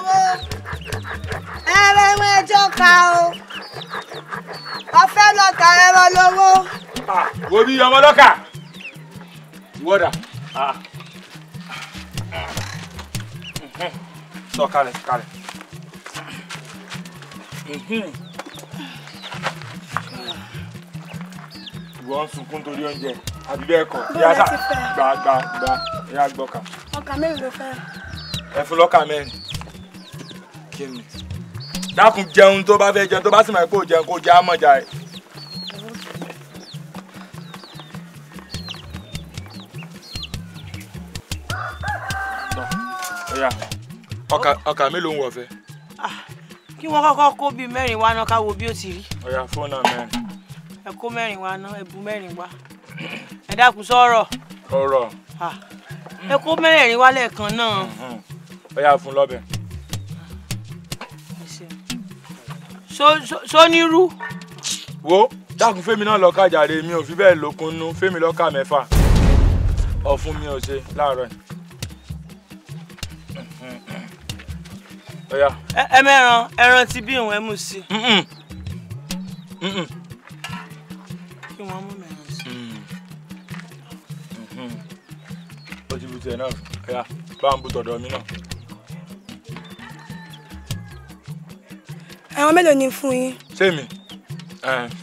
ẹran ẹran ẹjọ́ ka o ọfẹ́ lọ́ka ẹran lówó. wo bí ọmọ lọ́ka wọ́dà sọ kalẹ̀ kalẹ̀. ìwọ ń sunkún torí oúnjẹ àbí bẹ́ẹ̀ kọ́ yá sá gbà gbà gbà yá gbọ́ka. ọkà mẹ́rin ló fẹ́. ẹ fún lọ́kà mẹ́rin kí ni dákun jẹun tó bá fẹ́ jẹun tó bá sì máa kó jẹun kó jẹ àmọ̀jà ẹ̀. ọkà mélòó ń wọ̀ fẹ́. Ah, kí wọ́n kọ́kọ́ kó bíi mẹ́rin wá náà ká wo bí ó ti rí. ọ̀yà fóònù mẹ́rin. ẹ kó mẹ́rin wá náà ẹ bu mẹ́rin wá ẹ dákun sọ̀rọ̀. ọ̀rọ̀. Ah, ẹ kó mẹ́rin wá lẹ́ẹ̀kan náà. ọ̀yà fún lọ́bẹ̀. sonírú. wo dákun fẹ́mi náà lọ́ọ́ kájàre mi ò fi bẹ́ẹ̀ lókun nú fẹ́mi lọ́ọ́ ká mẹ́fà ọ̀fun mi ò ṣe láàárọ̀ yìí. ẹ mẹ́ran ẹran ti bí òun ẹ mú sí. kí wọ́n mú mẹ́ran sí. Mm. Mm-hmm. ó ti bu tiẹ̀ náà bá ń bu tọ̀dọ̀ mi náà. ẹran mélòó ni fún yín. sèmi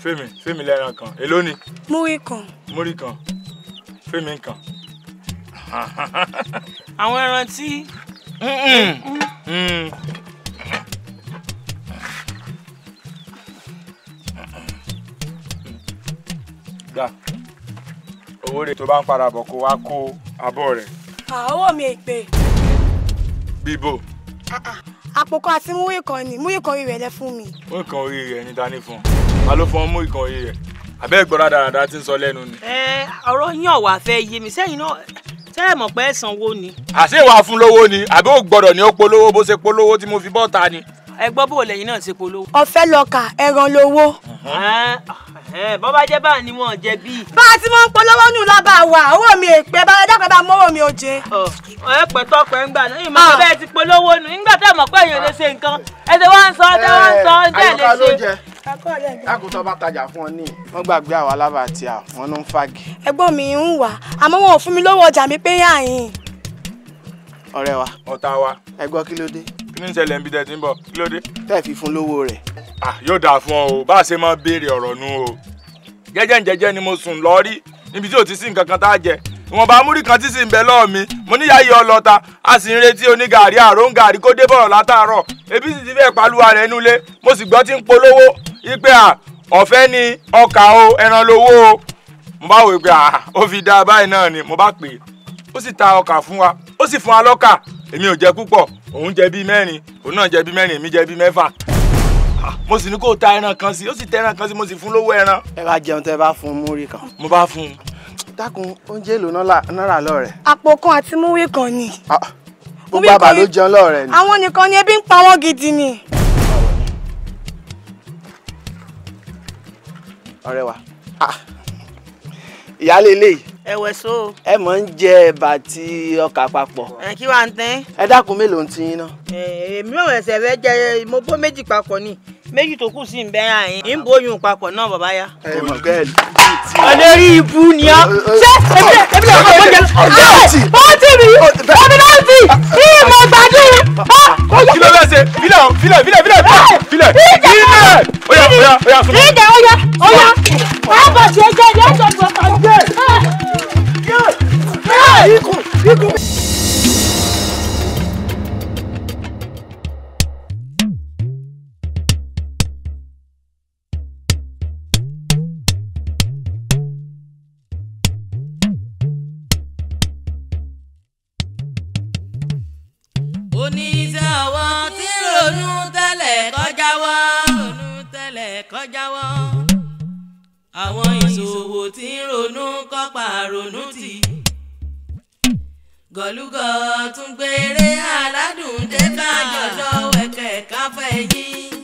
fèmi fèmi lẹ́ran kan èló ni. múrí kan. múrí kan fèmi kan. àwọn ẹran tí. Mm. gbà owó rẹ̀ tó bá ń padà bọ̀ kó wá kó abọ́ rẹ̀. àwọn mi è pè. bíbò. Ah, ah àpò kan àti múrí kan ni múrí kan orí rẹ̀ lẹ fún mi. múrí kan orí rẹ̀ ni dání fún wa ló fún ọ múrí kan orí rẹ̀ àbẹ́ ìgbọ́ra dáradára ti ń sọ lẹ́nu ni. ẹ ọ̀rọ̀ yín ọ̀wà fẹ́ yé mi sẹ́yìn náà tẹ́lẹ̀ mọ̀ pé sanwó ni. àṣé ìwà fún lówó ni àbí ò gbọ́dọ̀ ní ó polówó bó ṣe polówó tí mo fi bọ́ta ni. ẹ gbọ́ bó lẹ́yìn náà ṣe polówó. ọ̀fẹ́ lọ́ka ẹran lówó bọ́ bá jẹ́ báà ni wọ́n jẹ bí. bá a ti mọ ń polówó nù lábà wà owó mi èpè bá dákẹ́ bá mọ́wọ́ mi ò jẹ. ẹ pẹ tọpẹ ń gbà náà ìmọ̀ tó ah. bẹ́ẹ̀ ti polówó nù nígbà tó mọ̀ pé èèyàn lè ṣe nǹkan ẹsẹ̀ wá ń sọ ọ́ wá ń sọ ọ́ ń tẹ̀ lè ṣe. lákòótọ́ bá tajà fún ọ ní wọ́n gbàgbé àwa lábà àti àwọn ló ń fàgì. ẹ̀gbọ́n mi ń wà àmọ́ wọn ò fún mi lówó ọjà mi pé yàn yín. ọ̀rẹ́ wa ọ̀tá wa ẹ gbọ́ kí ló dé kí ni ìṣẹ̀lẹ̀ ń bi tẹ̀sí ń bọ̀ kí ló dé. tẹ́ẹ̀ fi fún lówó rẹ̀. Ah, yóò dáa fún ọ o bá a ṣe máa béèrè ọ̀rọ̀ nu o jẹ́jẹ́ jẹ́jẹ́ ni mo sùn lọ rí níbi tí ò ti sí nǹkan kan tá a jẹ ìwọ̀nba múrí kan tí sì ń bẹ lọ́ọ̀ mi mo níyà yìí ọlọ́ta a sì ń retí onígàrí àrò ń gàrí kó dé bọ̀rọ̀ látàárọ̀ ebi sì ti fẹ́ paluwa rẹ̀ nulẹ̀ mo sì gbọ́ tí ń polówó ipe à ọ̀fẹ́ ni ọkà o ẹran lowó o mo bá wò pé à ó fi dá báyìí náà ni mo bá pè é ó sì ta ọkà fún wa ó sì fún wa lọ́kà èmi ò jẹ púpọ̀ òun jẹ bíi mẹ́rin òun náà jẹ bíi mẹ́rin èmi jẹ bíi mẹ́fà ah, mo sì ní kó ta ẹran kan sí ó sì tẹ ẹran kan sí mo sì fún lówó ẹran. ẹ bá jẹun tẹ bá fún un múrí kan. mo bá fún un. dákun oúnjẹ èlò náírà lọ́rẹ̀. àpò kan àti múrí kan ni. Ah, gbogbo àbà ló jẹun lọ́rẹ̀ ni. àwọn nìkan ni ebi ń pa wọ́n gidi ni. ọ̀rẹ́ wa ah, ìyáálé eléyìí ẹ̀wẹ̀ so. ẹ mọ̀ ń jẹ ẹ̀bà àti ọkà papọ̀. ẹ kí wàá ń tẹ́. ẹ dákun mélòó ń tin iná. èmi ò ẹsẹ̀ fẹ́ jẹ mo bó méjì papọ̀ ni méjì tó kù sí nbẹ àyìn ń bo oyún papọ̀ náà bàbá ya. ọ̀lẹ́rì ibu ni ọ́ ṣé ebi ebi ọkọ̀ ọkọ̀ jẹ ọ́ ọ́ ti mi ọ̀bí náà ti ìyí mo gbàdú. kí ló bẹ ṣe filẹ filẹ filẹ filẹ filẹ filẹ oya oya oya fún mi. ìdè oya oya àbọ̀ ṣe jẹ́ ìdè ọ̀ṣọ́ gbọ̀ngàn. ikú ikú. tí ń ronú kọ́pà ronú tì. gọ̀lúgọ̀ tún gbére aládùn dé ká jọjọ́ wẹ̀kẹ̀ káfẹ́ yín.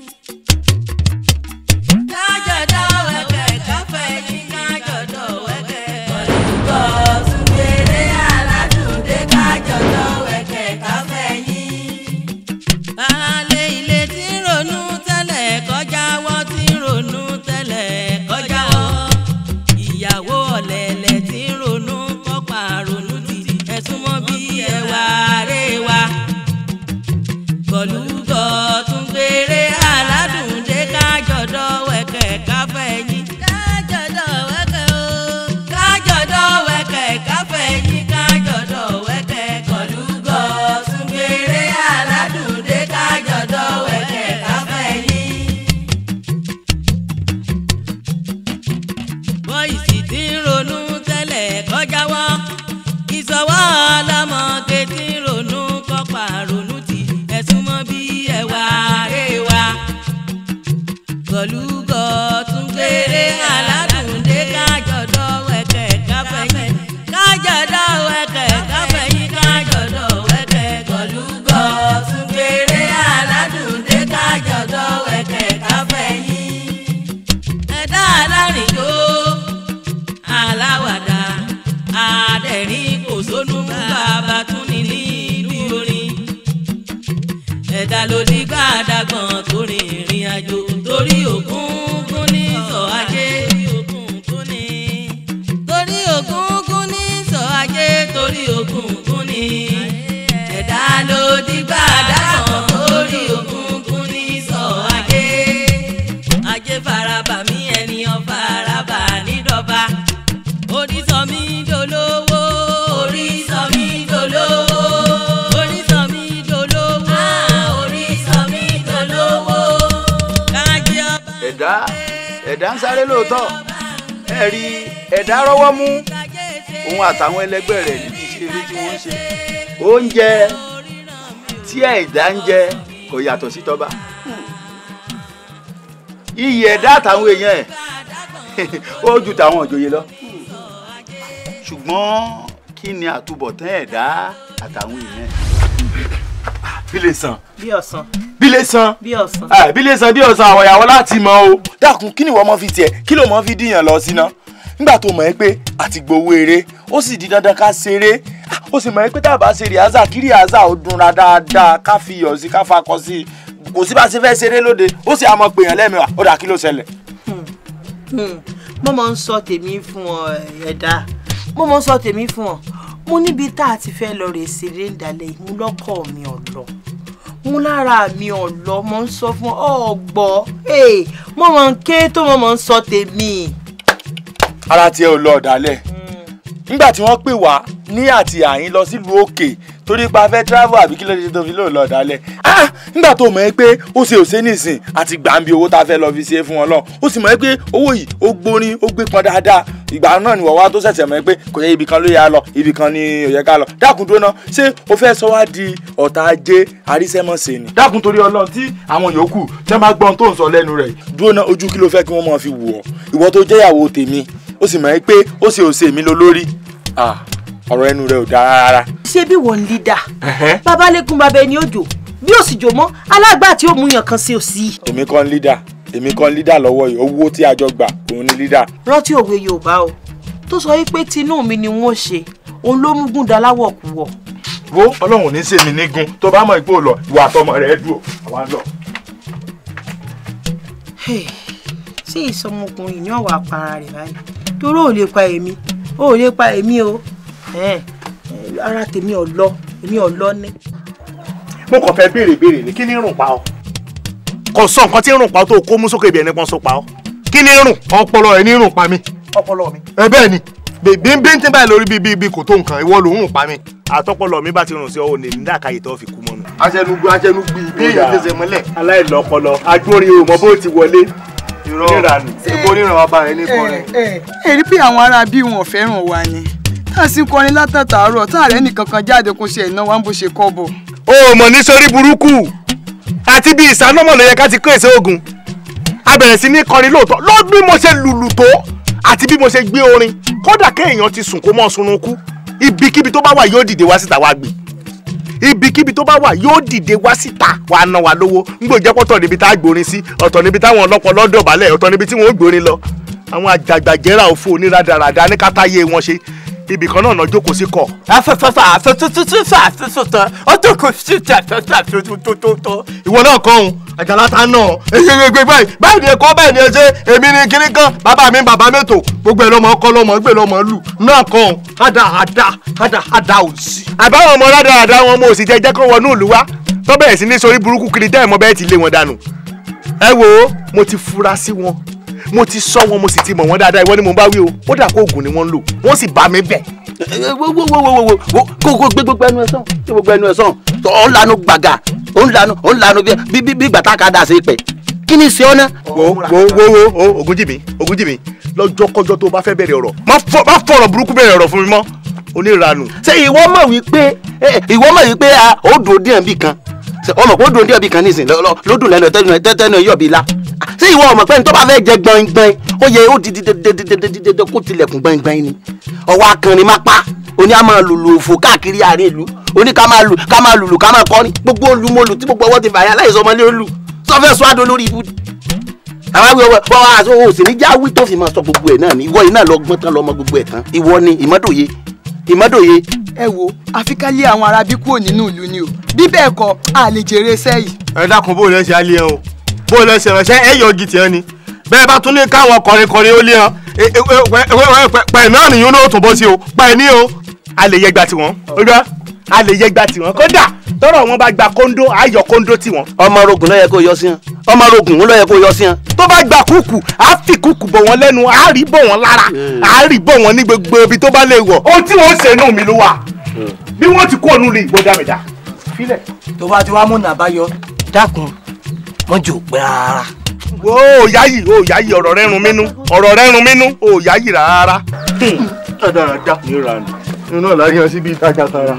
sáré lóòótọ́ ẹ rí ẹ̀dá rọ́wọ́ mú òun àtàwọn ẹlẹgbẹ́ rẹ̀ níbi ìṣeré tí wọ́n ń ṣe oúnjẹ tí ẹ̀dá ń jẹ kò yàtọ̀ sí tọ́ba iyì ẹ̀dá àtàwọn èèyàn ẹ̀ ó ju tàwọn òjòyè lọ ṣùgbọ́n kí ni àtúbọ̀tán ẹ̀dá àtàwọn èèyàn ẹ̀. bí lè sàn. bí ọ̀sán bílé san bílé san bí ọ̀sán ah, àwọn ìyàwó láti mọ o. dákun kí ni ìwọ mọ fi tiẹ̀ kí ló mọ fi díyàn lọ síná nígbà tó mọ̀ ẹ́ pé àti gbowó eré ó sì di dandan ká ṣeré ó sì mọ̀ ẹ́ pé tá a bá ṣe rìhásà kí rìhásà ó dunra dáadáa ká fi iyọ̀ sí ká fakọ sí i kò sí bá ṣe fẹ́ ṣeré lóde ó sì àmọ́ pèèyàn lẹ́ẹ̀mẹ́wàá ó dà kí ló ṣẹlẹ̀. Hmm, hmm. mo mọ ń sọ tèmi fún ọ ẹ̀dá mo mọ ń sọ tèmi fún ọ mo níbi tá a ti fẹ́ lọ rè ṣeré ìdálẹ́ ìmúlọ́kọ̀ mi ọ̀lọ́ mú lára mi ọ̀lọ́ mo ń sọ fún ọ̀gbọ́ mo mọ̀ ń ké tó mo mọ̀ ń sọ tèmi. ara tiẹ̀ ò lọ ọ̀dàlẹ̀ hmm. nígbà tí wọ́n pè wá ní àti àyín lọ sílùú òkè torí pa fẹ́ travel àbí kí ló dé tó fi lóò lọ dálẹ̀ ah nígbà tó mọ̀ ẹ́ pé ó ṣe òṣè nìsín àti gbàǹbi owó tá a fẹ́ lọ fi ṣe fún wọn lọ ó sì mọ̀ ẹ́ pé owó yìí ó gbórin ó gbé pọn dáadáa ìgbà náà ni wàá tó ṣẹ̀ṣẹ̀ mọ̀ ẹ́ pé kò yẹ ibì kan ló yẹ á lọ ibì kan ni ò yẹ ká lọ dákun dúró náà ṣé o fẹ́ sọ wá di ọ̀tá ajé àríṣẹ́mọ̀ṣe ni. dákun torí ọlọ́run tí àwọn yòókù tẹ́ máa gbọ́n tó ń sọ lẹ́nu rẹ̀ dúró náà ojú kí ló fẹ́ kí wọ́n máa fi wù ọ́ ìwọ tó jẹ́yàwó tèmi ó sì mọ̀ ẹ́ pé ó ṣe òṣè mi lólórí. ah ọ̀rọ̀ ẹnu rẹ ò dáa rárá. ṣé bí wọ́n leader babalẹ́kùn bàbá ẹni òjò bí ó sì jò mọ́ alágbà tí ó mú yàn kan sí òsì. èmi kọ́ ń leader èmi kọ́ ń leader lọ́wọ́ yìí owó tí a jọ gbà òun ni leader. rántí òwe yorùbá o tó sọ wípé tinú mi ni wọ́n ṣe òun ló mú gùn dáláwọ̀ kú wọ̀. wo ọlọ́run ò ní sèmi nígun tó bá mọ̀ ipò lọ ìwà àtọmọ rẹ̀ dúró àwa lọ. ṣé ìsọmọkùnrin yàn wà para rẹ̀ báyìí torí ò lè pa èmi ò lè pa èmi o Eh, eh, ara tèmi ọ̀lọ́ èmi ọ̀lọ́ ni. mo kàn fẹ́ béèrè béèrè ni kí ni rùn pa ọ. kò sọ nǹkan tí rùn pa ọ tó kó mú sókè ibi ẹni pọ́n so pa ọ kí ni rùn. ọpọlọ ẹ ní rùn pa mi. ọpọlọ mi. ẹ bẹ́ẹ̀ ni bíbí ń tí báyìí lórí bíbí ibi kò tó nǹkan ìwọ ló ń rùn pa mi. àtọpọlọ mi bá ti rùn sí ọ òní nígbà káyè tó fi kú mọnu. aṣẹnugbe aṣẹnugbe ìbí èèyàn tẹsẹ̀ mọ́lẹ̀. aláìlọ́pọlọ agbórin o mọ bó ti wọlé. ìrọ̀ ìrànù ìborí ìrànwọ́ bá rẹ ní kọrin. Eh, ẹ ẹ rí pé àwọn ará bí wọn fẹ́ràn wa ni a sì kọrin látàtàárọ̀ tá àrẹ nìkankan jáde kó ṣe ìnáwó à ń bó ṣe kọ́ bọ̀. o ò mọ̀ nítorí burúkú àti bí ìsánọ́mọ̀ ló yẹ ká ti kó èso ogun a bẹ̀rẹ̀ sí ní kọrin lóòótọ́ lọ́dún bí mo ṣe lùlù tó àti bí mo ṣe gbé orin kódà kéèyàn ti sùn kó mọ́ sununkú ibikíbi tó bá wà yóò dìde wá síta wá gbé ibikíbi tó bá wà yóò dìde wá síta wà ná wa lówó ngbò jẹ́ pọ́tọ̀ níbi tá a gbórin sí ọ̀tọ̀ níbi táwọn ọlọ́pọ̀ lọ́dọ̀ balẹ̀ ọ̀tọ̀ níbi tí wọ́n ó gbórin lọ àwọn àjàgbàjẹ́ra òfò oníradàradà ní kátáyé wọn ṣe ibì kan náà lọ́jọ́ kò sí kọ̀. afẹ́fẹ́fẹ́ afẹ́fẹ́fẹ́ afẹ́fẹ́fẹ́ ọjọ́ kò sí ti afẹ́fẹ́ afẹ́fẹ́fẹ́. ìwọ náà kọ́ òun àjàláta náà èyí ni gbé báyìí báyìí ni ẹ̀kọ́ báyìí ni ẹ ṣe èmi ni kinní kan bàbá mi bàbá mẹ́tò gbogbo ẹ̀ lọ́mọ ọkọ lọ́mọ gbé lọ́mọ lù náà kọ́ òun ada ada ada ada ò sí. àbáwọn ọmọ ládàá àdá wọn mo sì jẹ jẹ́ kó wọnú ìlú wa tó bẹ̀rẹ̀ sí ní sórí burúkú kiri dẹ́ẹ̀mọ́ bẹ́ẹ̀ ti lé wọn dànù. ẹ wo mo ti fura sí wọn mo ti sọ wọn mo sì ti mọ̀ wọ́n dáadáa ìwọ ni mo bá wí o kódà kó oògùn ni wọ́n ń lò wọ́n sì bá mi bẹ̀. kó gbé gbogbo ẹnu ẹ sàn gbé gbogbo ẹnu ẹ sàn tó ń lanu gbàgà ó ń lanu ó ń lanu bí bí gbàtà ká dà sí pẹ̀ kí ni ṣe ọ́ ná. wo wo wo wo Ògúnjìmí Ògúnjìmí lọ́jọ́kọ́jọ́ tó bá fẹ́ bẹ̀rẹ̀ ọ̀rọ̀ má fọ̀rọ̀ burúkú bẹ̀rẹ̀ ọ̀rọ̀ fún mi mọ́ oníranu. ṣé ìwọ mọ̀ wípé ìwọ mọ̀ wípé ó dòdì ẹ̀ bì kan ọmọ kò dòdì ẹ̀ bì kan nísìnyí lọ́dún lẹ́nu tẹ́tẹ́nu yọ̀bí la tí ìwọ ọmọ pẹ́ni tó bá fẹ́ jẹ gbọ̀ngbọ̀n ó yẹ ó di dídẹ́dẹ́dẹ́dẹ́dẹ́ kó tilẹ̀kùn gbọ̀ngbọ̀n ni ọwọ́ akànrin má pa oní a máa lùlù òfò káàkiri àárín ìlú oní ká máa lù ká máa lùlù ká máa kọrin gbogbo olùmọlù tí gbogbo ọwọ́ ti fàyà láì sọmọlé olù sọfẹ́ sọ àdó lórí ibùdó àwọn awi ọwọ ọwọ àti owó òsì níjà awi tó fi máa sọ gbogbo ẹ náà ni ìwọ iná lọ gbọ́n tán lọ mọ gbogbo ẹ tán ìwọ ni ìmọ́dòye ìmọ́dòye. ẹ wo àfi ká lé bó lẹ ṣe ránṣẹ́ ẹ yọ gidi ni bẹ́ẹ̀ bá tún ní káwọn kọrinkọrin ó lé hàn pẹ̀ náà nìyún ló tún bọ́ sí o pẹ̀ ní o a lè yẹgba tiwọn ọjọ́ a lè yẹgba tiwọn kódà tọrọ wọn bá gba kóńdó àyọ kóńdó tiwọn. ọmọ rogun ló yẹ kó yọ sí hàn ọmọ rogun ló yẹ kó yọ sí hàn. tó bá gba kúkú á fi kúkú bọ̀ wọ́n lẹ́nu á rí bọ̀ wọ́n lára á rí bọ̀ wọ́n ní gbogbo ibi tó bá lè wọ̀. ohun tí wọ́n ṣe inú mi ló wà bí wọ́n ti kó ònú lè ìwọ dámẹ́dá. tó bá ti wá múnà bá yọ dákun wọ́n jò pé rárá. o ò yáyì o ò yáyì ọ̀rọ̀ rẹ̀ rún mínú ọ̀rọ̀ rẹ̀ rún mínú o ò yáyì rárá. Hmm, dáadáa ní ìranù inú ọ̀la yan sí bíi ìtajà tara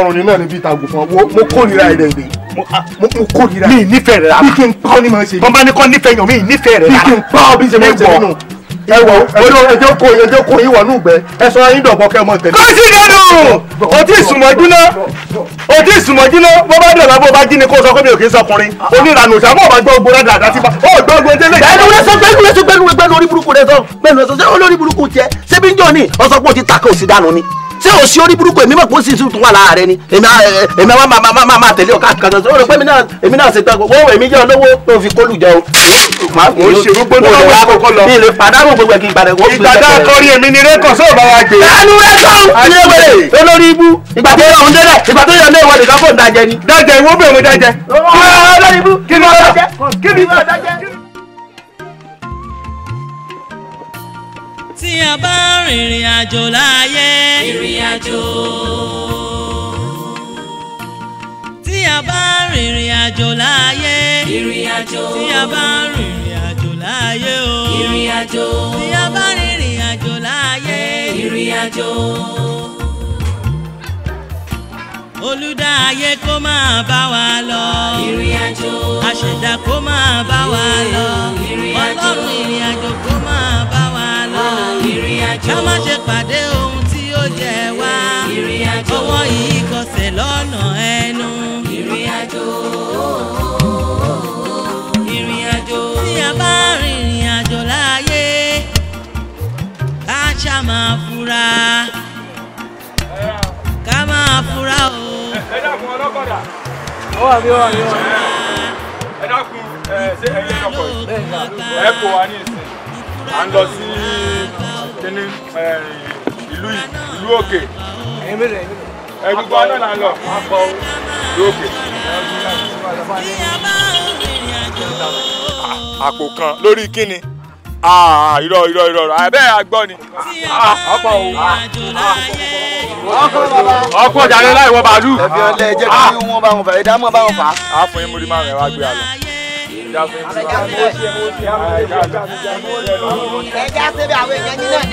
ọrùn ni náà ni bíi ìtagùn fún ọ mo kórìíra rẹ rè ah, mo kórìíra mi nífẹ̀ẹ́ rẹ̀ rárá bí kí n pa ọ́ ní ma ṣe bí. bọ́n bá ní kọ́ nífẹ̀ẹ́ yàn mí nífẹ̀ẹ́ rẹ̀ rárá bí kí n pa bí ṣe mọ̀ ṣe nínú ẹ wọ ẹjọ ẹjọ kò ẹjọ kò yín wọnú gbẹ ẹ sọ yín dọ̀bọ kẹ́ mọ tẹ̀lé. kọ́sí dẹ́nu o ti sùnmọ́ júná o ti sùnmọ́ júná bó bá dọ̀la bó bá jí ni kó sọ pé mi ò kì í sọkùnrin oníranù sàmú ọba gbọ́ gbóná dàda ti bá ọ gbọ́ gbọ́ délé. gbẹ́nu rẹ sọ gbẹ́nu rẹ sọ gbẹ́nu rẹ sọ gbẹ́nu rẹ sọ gbẹ́nu rẹ sọ gbẹ́nu rẹ sọ gbẹ́nu rẹ sọ gbẹ́nu rẹ sọ gbẹ́nu rẹ sọ gbẹ́nu rẹ sọ gbẹ́nu rẹ sọ gbẹ́nu rẹ sọ gbẹ́nu rẹ sọ gbẹ́nu rẹ sọ gbẹ́nu rẹ sọ gbẹ́nu rẹ ṣé o ṣe orí burúkú èmi mọ̀ kó sì tún wà láàárẹ̀ ni èmi àwọn eh, máa máa máa tẹ̀lé ọ̀ká kan sọ pé èmi náà ṣe tán kó èmi jẹ́ olówó tó fi kólù jẹ mo ṣe gbogbo náà wọ́n àkọ́kọ́ lọ. mi ì lè pàdánù gbogbo ẹ̀ kí n padà wọ́n. ìgbà tá èmi ni rékọ̀ sóò bá wa gbé. dánú rékọ̀ ilé wẹ̀rẹ̀ olórí ibú ìgbà tó yọ òǹdẹ́rẹ̀ ìgbà tó yọ léwọ̀n tí a bá rìnrìn àjò láyé. ìrìn àjò. tí a bá rìnrìn àjò láyé. ìrìn àjò. tí a bá rìnrìn àjò láyé o. ìrìn àjò. tí a bá rìnrìn àjò láyé. ìrìn àjò. olùdáyé kó máa bá wa lọ. ìrìn àjò. àṣẹ̀dá kó máa bá wa lọ. ìrìn àjò. ọlọ́run ìrìn àjò kó ìrìn àjò ká má ṣe pàdé ohun tí ó jẹ wá ìrìn àjò ọwọ́ yìí kọsẹ̀ lọ́nà ẹnu ìrìn àjò ìrìn àjò tí a bá rìn ìrìn láàyè ká ṣá máa fura ká máa fura o. ẹ dákun ọlọ́kọ̀dà. ọwọ́ àbí ọwọ́ àbí ọwọ́ ẹ dákun ẹ ṣe ẹ̀yìn ọkọ̀ ẹ kò wá ní ìsìn à ń lọ sí kíní eh, ìlú ìlú òkè ẹ̀dùkú ọ̀nà là ń lọ ìlú òkè. àpò kan lórí kíni ah, irọ́ irọ́ irọ́ abẹ́ àgbọ́ ni ọ̀pọ̀ òun ọkọ̀ jàre láì wọ bàálù. ẹ̀fìn ọ̀lẹ́ ẹ̀jẹ̀ kí ah. wọ́n bá wọn fà ẹ̀dá mọ́ bá wọn fà. àá ah, fún yín múrí márùn-ún ẹ̀ wá gbé àlọ́ ẹja ṣe bí àwọn èèyàn yín náà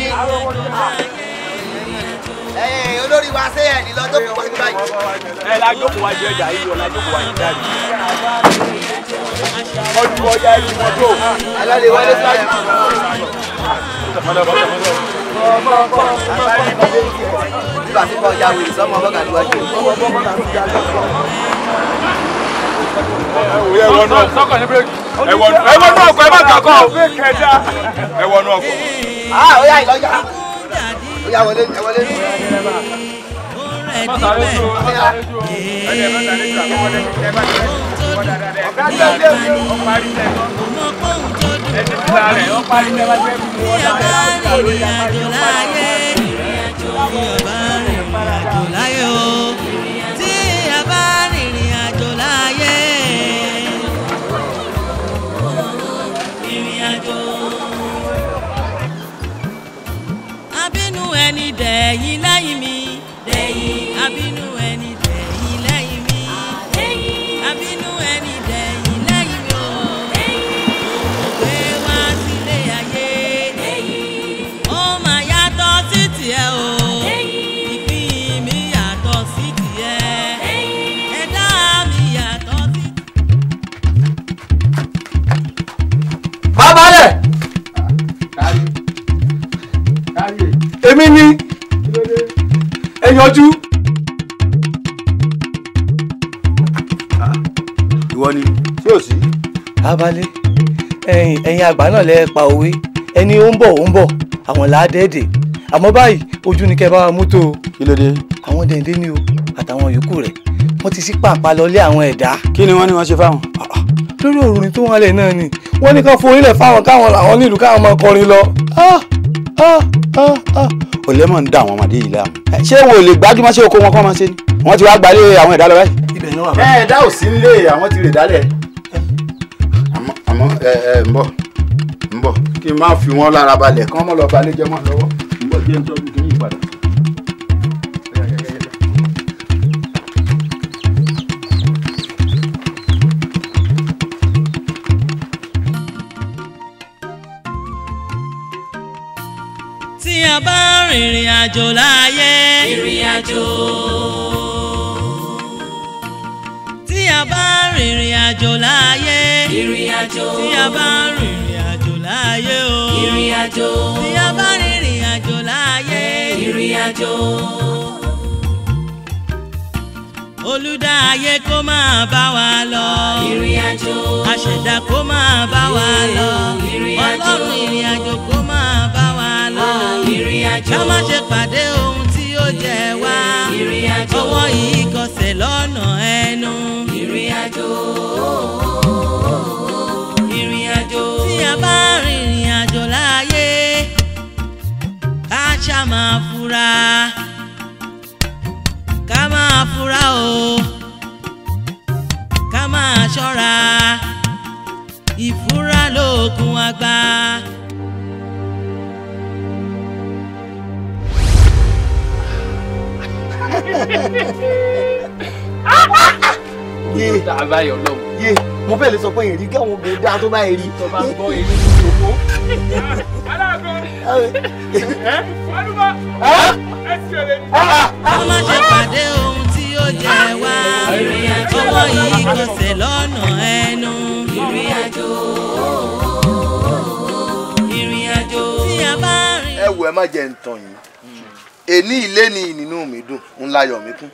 ní olórí wa ṣe ẹ̀ nílọ tó kọ̀ wá sí báyìí. ẹ lájókòó wa jẹ ọjà yìí o lájókòó wa jẹ ọjà yìí. ọdún ọjà yìí wọn tó. aláde wọlé sáájú. nígbà tí kò ya wèrè sọmọ bọ́gà ló wájú ẹwọ nù ọkọ ẹwọ nù ọkọ ẹ má kàkọ ẹwọ nù ọkọ. ó yá ìlọjà ó yá wọlé wọlé. Ìyàbá ni ìrìnàjò láyé, ìrìnàjò ìyọ̀bá. dẹ̀yìn lẹ́yìn mi. dẹ̀yìn. abínú ẹni dẹ̀yìn lẹ́yìn mi. dẹ̀yìn. abínú ẹni dẹ̀yìn lẹ́yìn mi. dẹ̀yìn. òun gbé wá sílé ayé. dẹ̀yìn. ó máa yàtọ̀ sí tiẹ̀ o. dẹ̀yìn. ìpín mi yàtọ̀ sí tiẹ̀. dẹ̀yìn. ẹ̀dá mi yàtọ̀ sí. bàbá rẹ̀. kárí kárí èmi ni ìtọ́jú. ìwọ ni ṣé ò sí. abalẹ̀ ẹ̀yin àgbà náà lẹ pa òwe ẹni ó ń bọ̀ ó ń bọ̀ àwọn làádẹ́ẹ̀dẹ̀ àmọ́ báyìí ojú ni kẹ́ bá wa mú tó o. kí ló dé. àwọn dẹ̀ǹdẹ́ ni o àtàwọn yòókù rẹ̀ wọ́n ti sí pàpà lọlé àwọn ẹ̀dá. kí ni wọ́n ní wọ́n ṣe fáwọn. lórí òrùn tó wọn lẹ̀ náà ni wọ́n ní ká forí lẹ̀ fáwọn káwọn làwọn nílùú káwọn máa kọrin lọ. Ah, ah, ah, olè mọ̀ ń dà àwọn ọmọdé yìí láàmú. ṣé wo lè gbájúmọ́ ṣé oko wọn kọ́ máa ṣe ni wọ́n ti wá gbalé àwọn ẹ̀dá lọ báyìí. ibẹ̀ ni wọ́n wà. ẹ ẹ̀dá ò sí nílé àwọn ti rè dálẹ̀. àmọ́ àmọ́ ẹ ẹ ń bọ̀ ń bọ̀ kí n má fi wọn lára balẹ̀ kán mọ́ lọ balẹ̀ jẹ́ mọ́ lọ́wọ́ ń bọ̀ jẹ́ ń tọ́jú kí n yí padà. èèyàn bá rìnrìn àjò láàyè. ìrìn àjò. tí a bá rìnrìn àjò láàyè. ìrìn àjò. tí a bá rìnrìn àjò láàyè o. ìrìn àjò. tí a bá rìnrìn àjò láàyè. ìrìn àjò. olùdáyé kó máa bá wa lọ. ìrìn àjò. àṣẹ̀dá kó máa bá wa lọ. ìrìn àjò. ọlọ́run ìrìn àjò kó máa bá wa lọ ìrìn àjò ká má ṣe pàdé ohun tí ó jẹ wá ìrìn àjò ọwọ́ yìí kọsẹ̀ lọ́nà ẹnu ìrìn àjò ìrìn àjò tí a bá rìnrìn àjò láàyè ká ṣá máa fura ká máa fura o ká máa ṣọ́ra ìfura lóògùn àgbà. yé àbáyọ lọ. yé mo fẹ́ lè sọ pé èrí kí àwọn obìnrin dáa tó bá èrí. tó bá ń gbọ́ èrí ní ìṣòwò. ọmọ ṣe pàdé ohun tí ó jẹ wá ìrìn àjò wọ̀nyí kò ṣe lọ́nà ẹnu ìrìn àjò. a bá rìn. ẹ wo ẹ má jẹ ntàn yìí. èní ilé ni ìnínú mi dùn ńlá yọ̀ mí kún.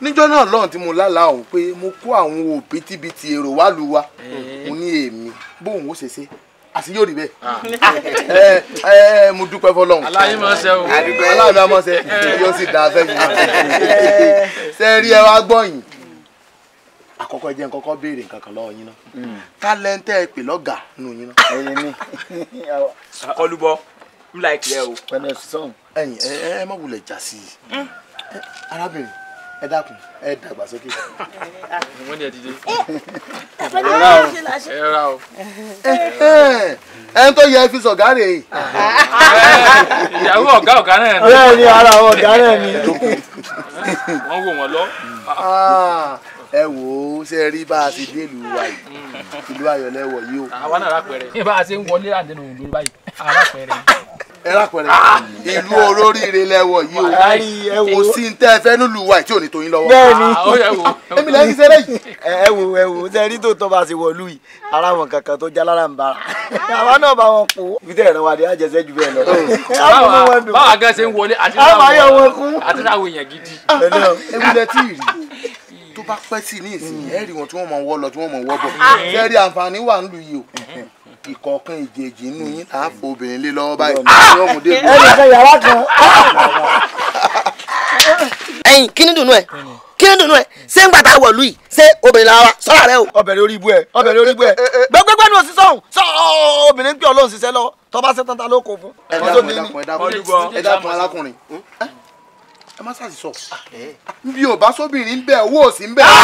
níjọ́ náà tí mo lálàá òun pé mo kó àwọn òbítíbitì èrò wá lu wa mo eh. ní èmi bóun ó ṣe àti yóò rí bẹ́ẹ̀. ẹ ah. ẹ eh, eh, mo dúpẹ́ fọlọ́run. máa o. aláàbí máa ṣe yóò sì sẹ́yìn. ẹ wá àkọ́kọ́ ẹ jẹ́ kọ́kọ́ béèrè nǹkan kan lọ́wọ́ yín hmm. tálẹ́ńtẹ́ ẹ pè nù yín o. ẹ̀yin ẹ ẹ má wulẹ̀ jà sí i mm. arábìnrin ẹ dákun ẹ dàgbà sókè. wọ́n ní ẹ dìde. Eh, ẹ ra o ẹ ra o. Eh, eh, ẹ ń tó yẹ fi sọ̀gá rè é. ìyàwó ọ̀gá ọ̀gá náà ni. bẹ́ẹ̀ ni ara ọ̀gá náà ni. wọ́n wò wọ́n lọ. Ah, ẹ wò ó ṣe rí bá a ṣe dé ìlú wa yìí mm. ìlú ayọ̀lẹ̀ yìí o. àwa náà rà pẹ̀rẹ̀. bá a ṣe ń wọlé àdéhùn ìlú báyìí àwa pẹ̀rẹ̀ ẹ rápẹrẹ ah, ìlú olóríire lẹwọ yìí o kò sí ní tẹ ẹ fẹ nílùú wa tí ò ní tóyin lọ́wọ́. bẹ́ẹ̀ni ah, èmi lẹ́yìn sẹlẹ yìí. ẹ wo ẹ wo ṣe rí tó tọ́ bá ṣe wọ̀lú yìí ara wọn kankan tó já lára ń bára àwa náà bá wọn kú. ibi tẹ ẹran wa de àjẹsẹ ju bẹ́ẹ̀ lọ. Hmm. báwa gan ṣe ń wọlé àti láwọn èèyàn gidi. Ah, ewúrẹ́ tí ì rí hmm. tó bá pẹ́ sí ní ìsìn ẹ̀ rí wọn tí wọ́n mọ̀ wọ́ lọ tí wọ́n mọ̀ wọ́ bọ̀ hmm. ṣe rí àǹfààní wà ń lu yìí o ìkọ̀ọ̀kan ìjèjì inú yín là á fọ obìnrin lé lọ́wọ́ báyìí. ẹnì kan yàrá kan. ẹyin kí ni dùnú ẹ kí ni dùnú ẹ ṣé ń gbà tá a wọ̀lú yìí ṣé obìnrin la wa sọ́ra rẹ o. ọbẹ̀rẹ̀ orí ibú ẹ ọbẹ̀rẹ̀ orí ibú ẹ gbẹgbẹgbẹ ni òṣìṣẹ́ òun sọ obìnrin gbé ọlọ́run ṣiṣẹ́ lọ tọ́ba ṣetán ta ló kó fún. ẹ dákun ẹ dákun ẹ dákun alákùnrin ẹ má ṣàṣìṣọ. bí o bá sóbìnrin ń bẹ owó ò sí ń bẹ. Ah!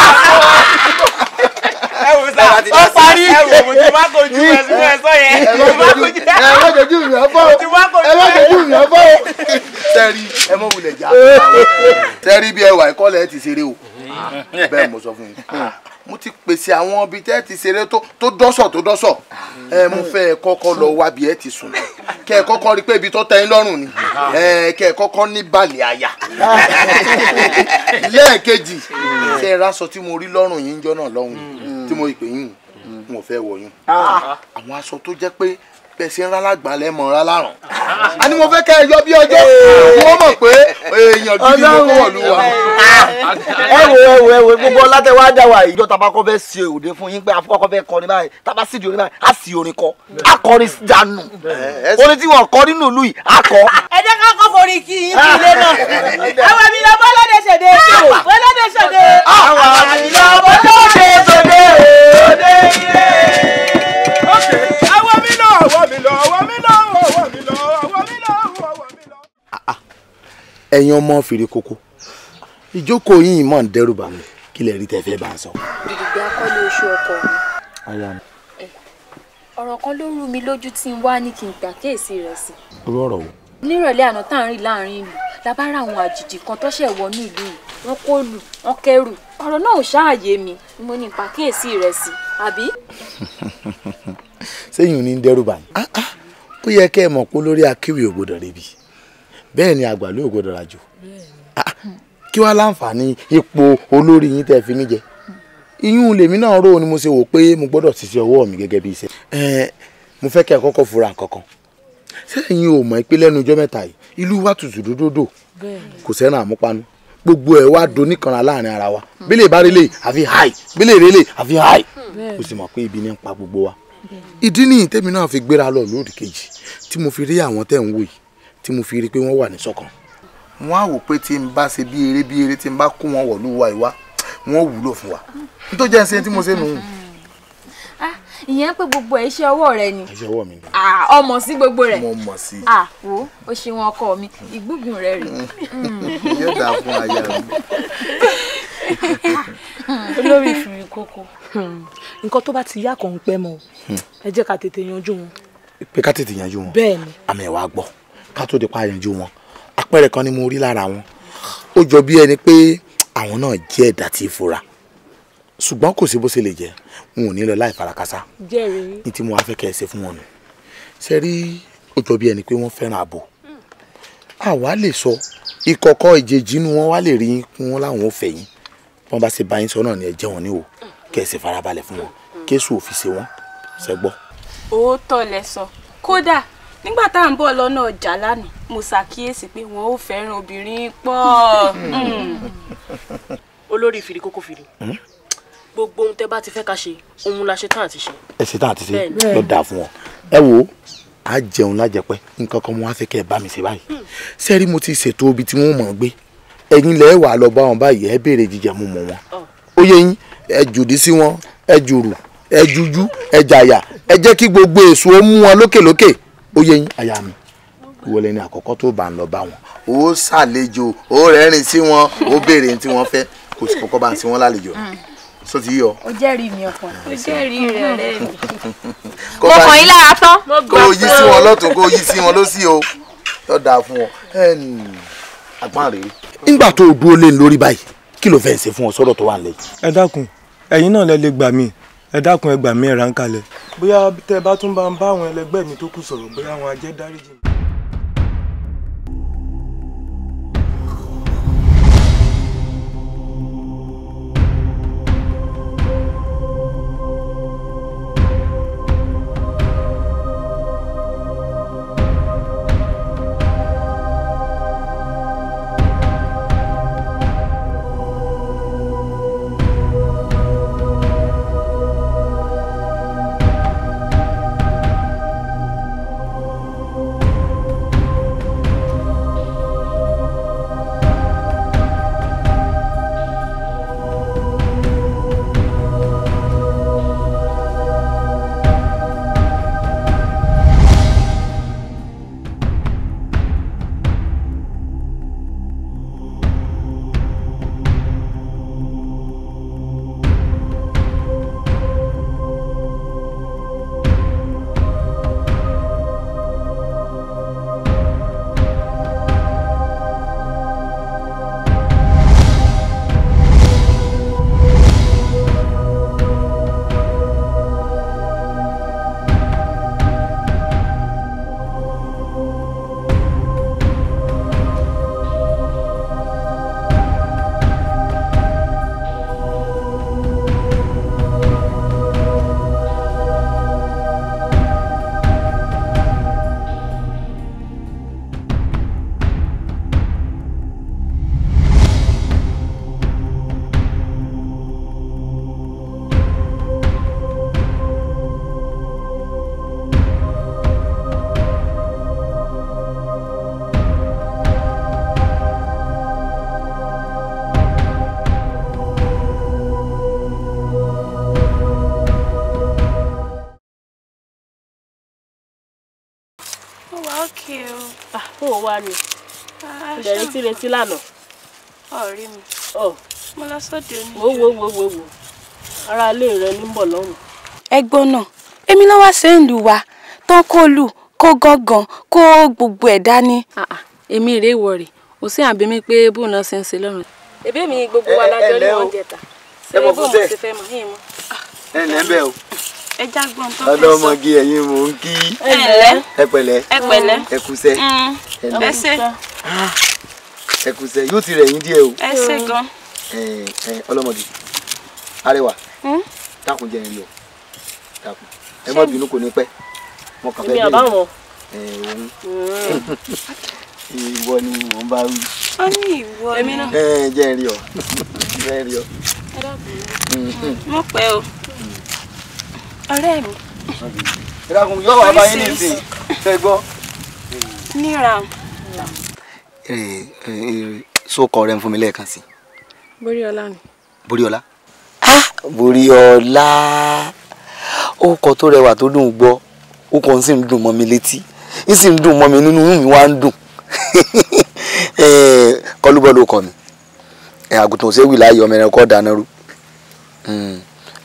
ẹ wò sá ọ parí ẹ wò mo ti má kojú ẹ sí ẹ sọ yẹn mo má kojú ẹ má kojú mi ọfọ o ẹ má kojú mi ọfọ o. sẹ́ẹ̀rì ẹ mọ̀ wulẹ̀ já sẹ́ẹ̀rì bí ẹwà ìkọ́lẹ̀ ẹ ti ṣeré o bẹ́ẹ̀ mo sọ fún yín ah. mo ti pèsè àwọn ibi tẹ́ ẹ ti ṣeré tó dọ́sọ̀ tó dọ́sọ̀ ẹ mo fẹ́ ẹ kọ́kọ́ lọ wá bí ẹ ti sùn kẹ ẹ kọ́kọ́ rí pé ibi tó tẹ́ yín lọ́rùn ni ẹ kẹ ẹ kọ́kọ́ ní balẹ̀ àyà ah. lẹ́ẹ̀kejì ṣe é rásọ tí mo rí lọ́rùn yín jọ náà lọ́hùn. Mm tí mo pè yín n mm. ò fẹ́ wọ̀ yín ah. àwọn aṣọ tó jẹ́ pé bẹ́ẹ̀ ṣe ń rálá gbà lẹ́mọ̀ a ní mo fẹ́ kẹ́ ẹ yọ bí ọjọ́ kí wọ́n mọ̀ pé èèyàn gidi ló kọ́ wọ̀lú wa. Ah. ẹ wo ẹ wo ẹ wo gbogbo ọlátẹ wa dá wa ìjọ tàbá kọ́ fẹ́ òde fún yín pé àfọwọ́kọ́ fẹ́ kọrin báyìí tàbá sì di orin báyìí á sì orin kọ á kọrin dànù orin tí wọ́n kọ nínú ìlú yìí á kọ. ẹ jẹ́ ká kọ́ forí kí yín kí ilé náà àwọn àmì lọ bọ́ lọ́dẹ ṣèdè lọ́dẹ ṣèdè àwọn àmì lọ bọ́ lọ́dẹ ṣèdè òde ilé. ẹ̀yin ọmọ fèrè koko ìjókòó yìí mọ̀ ń dẹ́rù bà mí kí lè rí tẹ́fẹ́ bá ń sọ. ìdìgbà kọ́ ló ṣe ọkọ mi. aya mi. ọ̀rọ̀ kan ló rú mi lójú tí n wá ní kí n gbà kéèsì rẹ̀ sí. irú ọ̀rọ̀ wo. nírọ̀lẹ́ àná tá à ń rìn láàrin ìlú la bá ra àwọn àjèjì kan tó ṣẹ̀ wọnú ìlú yìí wọ́n kó lù wọ́n kẹ́rù ọ̀rọ̀ náà ò ṣáàyè mi ni mo ní pàkíyèsí rẹ̀ sí àbí. sẹ́yìn ò ní dẹ́rù bà mí. Ah, ah. ó yẹ kẹ́ ẹ mọ̀ pé olórí akéwì ò gbọdọ̀ rebi bẹ́ẹ̀ ni àgbàlú ògo dọ̀rà jù ah, kí wàá láǹfààní ipò olórí yín tẹ́ fi mí jẹ iyún lèmi náà rò ni mo ṣe wò pé mo gbọ́dọ̀ ṣiṣẹ́ ọwọ́ mi gẹ́gẹ́ bí iṣẹ́ eh, mo fẹ́ kí ẹ kọ́kọ́ fura kankan sẹ́yìn ò mọ̀ pé lẹ́nu ọjọ́ mẹ́ta yìí ìlú wa tutù dódòdò kò àmúpanu gbogbo ẹ̀ wá do níkanra láàrin ara wa hmm. bílẹ̀ ìbárelé àfi háì bílẹ̀ ìrẹ́lẹ̀ àfi háì kò sì ibi ní gbogbo wa ìdí nìyí tẹ́mi fi gbéra lọ lóòdì kejì tí mo fi tí mo fi rí i pé wọ́n wà ní ṣọ̀kan. wọ́n á wò pé tí n bá ṣe bí eré bí eré tí n bá kó wọn wọ̀lú wa ìwá wọn wúlò fún wa nítorí jẹ́ ẹsẹ̀ tí mo ṣe nù. Ah, ìyẹn pé gbogbo ẹ̀ iṣẹ́ ọwọ́ rẹ ni iṣẹ́ ah, ọmọ sí gbogbo rẹ̀ mo sí. Ah, wo o ṣe wọn ọkọ mi ìgbógun rẹ rè. Mm. yóò dáa fún aya mi. olórí ìfìrí kókó. nǹkan tó bá ti yá kan ń pẹ́ mọ́ hmm. ẹ jẹ́ ká tètè yanjú wọn. pé ká tètè yanjú wọn. bẹ́ẹ̀ ni. àmì ẹ̀ wá gbọ́ ká tó di pààyànjú wọn àpẹẹrẹ kan ni mo rí lára wọn ó jọ bí ẹni pé àwọn náà jẹ́ ẹ̀dá tí ìfura ṣùgbọ́n kò sí bó ṣe lè jẹ́ n ò ní lọ láì farakasa ní tí mo wá fẹ́ kẹ́ ẹ ṣe fún wọn nù ṣe rí ó jọ bí ẹni pé wọ́n fẹ́ràn ààbò àwa lè sọ ìkọ̀kọ̀ ìjejì inú wọn wá lè rí kún wọn láwọn ò fẹ́ yín wọn bá ṣe bá yín sọ náà ni ẹ jẹ́ wọn ní o kẹ́ ẹ ṣe farabalẹ̀ fún wọn kéṣù òfìsè wọn ṣẹ́gbọ́. òótọ́ lẹ sọ kódà nígbà tá à ń bọ̀ lọ́nà ọjà lánàá mo ṣàkíyèsí pé wọn ò fẹ́ràn obìnrin pọ̀. Hmm. olórí fìrí kókó fìrí hmm? gbogbo ohun tẹ́ bá ti fẹ́ ká ṣe ohun la ṣe tán àti ṣe. ẹ ṣe tán àti ṣe ló dáa fún ọ ẹ wo a jẹun lájẹpẹ nǹkan kan mo wá fẹ́ kẹ́ ẹ bá mi ṣe báyìí sẹẹrí hmm. mo ti ṣètò ibi tí wọn mọ gbé ẹ̀yin lẹ wà lọ bá wọn báyìí ẹ béèrè jíjẹ mu mọ wọn oh. ó yẹ yín ẹ jòdì sí wọn ẹ jòrò ẹ jújú ẹ jàyà ẹ jẹ́ kí gbogbo èso mú wọn lókèlókè ó yẹ yín aya mi ìwọ lẹni àkọ́kọ́ tó bá ń lọ bá wọn ó ṣàlejò ó rẹ́rìn sí wọn ó béèrè tí wọ́n fẹ́ kò sì kọ́kọ́ bá ń sí wọn lálejò mm. so ti yọ. o jẹ́rìí mi ọkàn. o jẹ́rìí rẹ̀ rẹ̀ mi. mo kàn yín lára tán. kó o yí sí wọn lọ́tún kó o yí sí wọn lọ́sí o yóò dáa fún ọ agbọ́n rèé. nígbà tó o dúró lé lórí báyìí kí ló fẹ́ ṣe fún ọ sọ́dọ̀ tó wà nílẹ̀. ẹ dákun ẹ̀yin náà lẹ lè gbà mí ẹ dákun ẹ gbà mí ẹ ránkálẹ̀ bóyá tẹ bá tún bá ń bá àwọn ẹlẹgbẹ́ mi tó kù sọ̀rọ̀ bóyá àwọn ajẹ́ dáríjì ti retí lánàá. ọ̀rí ọ mo lọ rẹ ní bọ̀ lọ́rùn. náà èmi náà wa tán kó lù kó gbogbo dání. èmi rè rè o sì àbí mi pé bóun náà ṣe ń ṣe mi gbogbo wa lájọ ní wọn jẹta ṣe mo o. ẹ tó fẹ́ sọ. mò ń kí. ẹ ẹkùsẹ yóò ti rẹ̀ yín o. ẹ ṣe gan. ẹ ẹ ọlọ́mọdé arẹwà hmm? dákun jẹ́ ẹ̀rí o dákun ẹ má bínú kò ní pẹ́ mo kàn fẹ́ bẹ́ẹ̀. èmi àbáwọn. ẹ òun hmm. ìwọ ni mò ń bá wí. ó ní ìwọ ni. ẹ jẹ́ ẹ̀rí o jẹ́ ẹ̀rí o. ẹ dákun hmm. mo pẹ́ o ọ̀rẹ́ mi. ẹ dákun yóò wá báyìí nìsín fẹ́ gbọ́. níra sókọ rẹ ń fún mi lẹ́ẹ̀kan sí. boríọlá ni. boríọlá. ah boríọlá ó kọ tó rẹwà tó dùn gbọ́ ó kàn sì ń dùn mọ́ mi létí ń sì ń dùn mọ́ mi nínú mi wá ń dùn kọlúbọ ló kọ mi àgùntàn ṣé wìlà ayọ mẹ́rin kọ dáná rú hmm,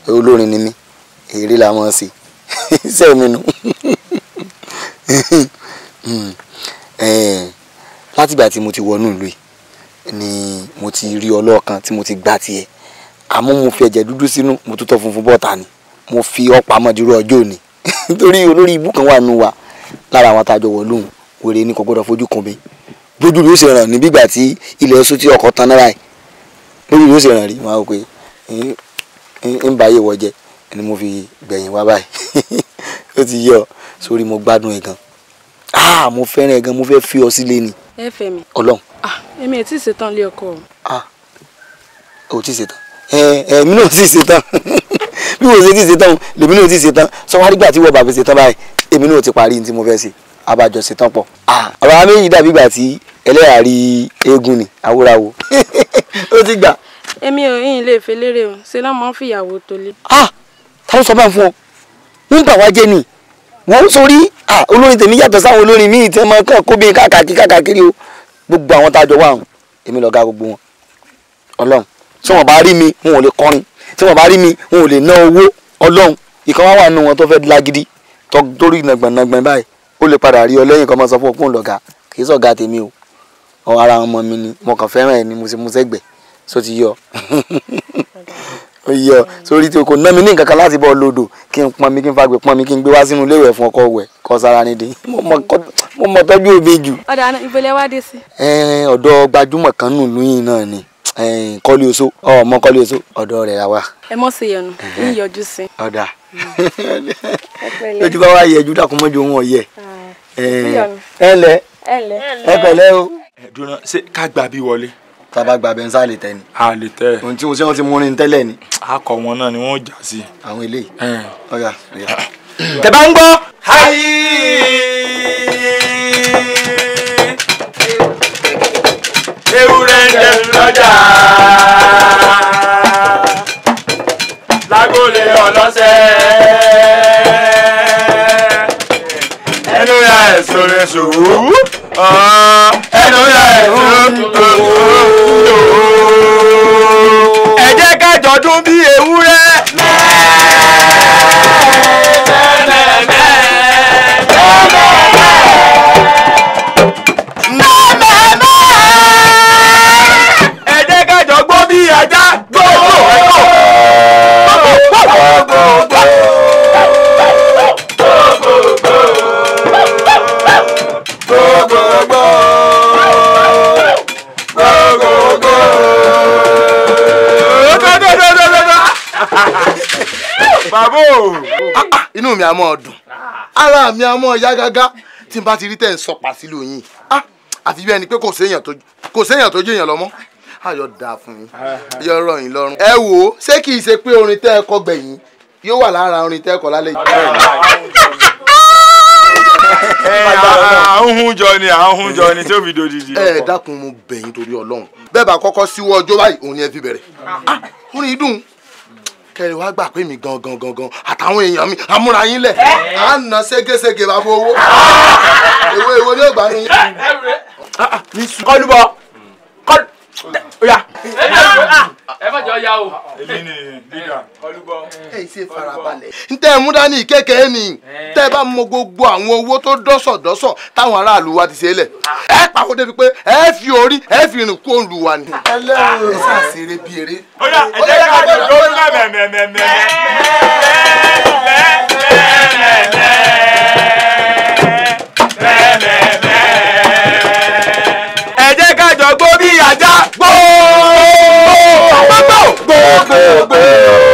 olórin ni mí èrè la máa ń ṣe látìgbà tí mo ti wọnú ìlú ni mo ti rí ọlọ́ọ̀kan tí mo ti gbá tiẹ̀ àmọ́ mo fi ẹ̀jẹ̀ dúdú sínú mo tún tọ́ funfun bọ́ta ni mo fi ọ̀pá mọ́dúró ọjọ́ òní nítorí olórí ibú wà nù wa lára àwọn tá a jọ wọ̀ lóhùn wèrè ní kò gbọ́dọ̀ fojú kan mi bójú ló ṣe ràn ní bígbà tí ilẹ̀ ọ̀ṣun tí ọkọ̀ tan náírà ẹ̀ bójú ló ṣe ràn rí wọn á pé ń bá yé wọ jẹ ni mo fi gbẹ̀yìn wá báyìí ó ti yọ sórí mo gbádùn ẹ̀ gan ah mo fẹ́ràn ẹ̀ gan mo fẹ́ fi ọ sílé ni ẹ fẹ́ mi. Ọlọ́run. Ah, èmi ò tí ì ṣetán lé ọkọ. Ah, ò tí ì ṣetán èmi náà ò tí ì ṣetán bí mo ṣe tí ì ṣetán lèmi náà ò tí ì ṣetán sọwárí gbà tí wọ́n bá fi ṣetán báyìí èmi náà ò ti parí ní tí mo fẹ́ ṣe abájọ ṣetán pọ̀. Ah, ọ̀rọ̀ àwọn méjì dàbí ìgbà tí ẹlẹ́yà rí eégún ni awúráwo ó ti gbà. èmi ò yín lè fẹ́ lérè o ṣe náà mo ń fìyàwó tó lé. ah ta sọ bá ń fún ọ ń bà wá jẹ́ nìyí wọ́n ń sorí olórin tèmi yàtọ̀ sáwọn olórin míì tí wọ́n kàn kó bí káàkiri káàkiri o gbogbo àwọn tá a jọ wà hàn èmi lọ́ga gbogbo wọn ọlọ́run tí wọ́n bá rí mi wọn ò lè kọrin tí wọ́n bá rí mi wọn ò lè ná owó ọlọ́run ìkan wá wà nínú wọn tó fẹ́ lágídí torí nàgbọ̀nàgbọ̀n báyìí ó lè padà rí ọ lẹ́yìn kan máa sọ fún òkú lọ́ga kì í sọ̀gá tèmi o ọ ara ọmọ mi ni mo kàn fẹ́ràn ẹ ni mo ṣe mo ṣẹ́gbẹ̀ẹ́ só ti yọ. oyè ọ sórí tí o kò ná mi ní nǹkan kan láti bọ́ lodò kí n pọn mi kí n fagbè pọn mi kí n gbé wá sínú ilé ìwẹ̀ fún ọkọ wẹ̀ kọ sára nídìí mo mọ tọ́jú òbí jù. ọ̀dà ìbílẹ̀ wá dé sí. ọ̀dọ́ gbajúmọ̀ kan nù lóyìn náà ni kọ́lé oṣó ọmọ kọ́lé oṣó ọ̀dọ́ rẹ̀ la ẹ mọ̀ sí yẹnu ń yọjú sí. ọ̀dà lójú bá wá yẹjú dàkúmọ́jú òun ọ̀yẹ. Ah. ẹ lẹ ẹ pẹ̀lẹ́ o. dùnà ṣé ká gbà bí wọlé tába gba bẹ́ńsà lè tẹ ni. a lè tẹ. ohun tí mo ṣe wọn ti mú ni tẹ́lẹ̀ ni. a wọn náà ni wọn ò sí. àwọn eléyìí. ọ̀gá ọ̀gá. tẹ ń gbọ́. hayi. ewúrẹ́ ń lọ́jà. lágòlè ọlọ́sẹ̀. ẹnu ya ẹ̀ sọ̀rọ̀ sòwò. á mọ̀ dùn ah. ara mi á mọ̀ yá gágá tí n bá ti rí tẹ̀ ń sọ pàṣílù yín ah, àfi bí ẹni pé kò séèyàn tó jẹ́ èèyàn lọ́mọ́ ayọ̀ dà fún yín yọ rọ̀ yín lọ́rùn. ẹ wò ó ṣé kìí ṣe pé orin tẹ́ ẹ kọ gbẹ̀yìn yóò wà lára orin tẹ́ ẹ kọ lálẹ́ yìí ah, ahun jọ ni ahun jọ ni tí ó fi dodidi. ẹ dákun mo bẹ̀yìn torí ọlọ́run bẹ́ẹ̀ bá kọ́kọ́ síwọ́ ọjọ́ báyìí òun ni ẹ fi bẹ̀rẹ̀ orin dùn kẹrin wá gbà pé mi gan gan gan gan àtàwọn èèyàn mi àmúra yín lẹ à eh? ń ná ségesège bá fún owó ah! ewé ewé eh, eh, ah, ah, ní ìgbà ní. ní sùn. kọlùbọ kọlù. oya. ẹ má jọ ya o. èmi ni bíga. olúgbọ. ẹ ṣe farabalẹ̀. n tẹ́ ẹ mú dání kékeré ni tẹ́ ẹ bá mọ gbogbo àwọn owó tó dọ́sọ̀dọ́sọ̀ táwọn aráàlú wa ti ṣe é lẹ̀. ẹ pàwọ́ débi pé ẹ fi orí ẹ fi rìn kó ni. bí eré. oya ẹ jẹ́ ká oh, oh, oh.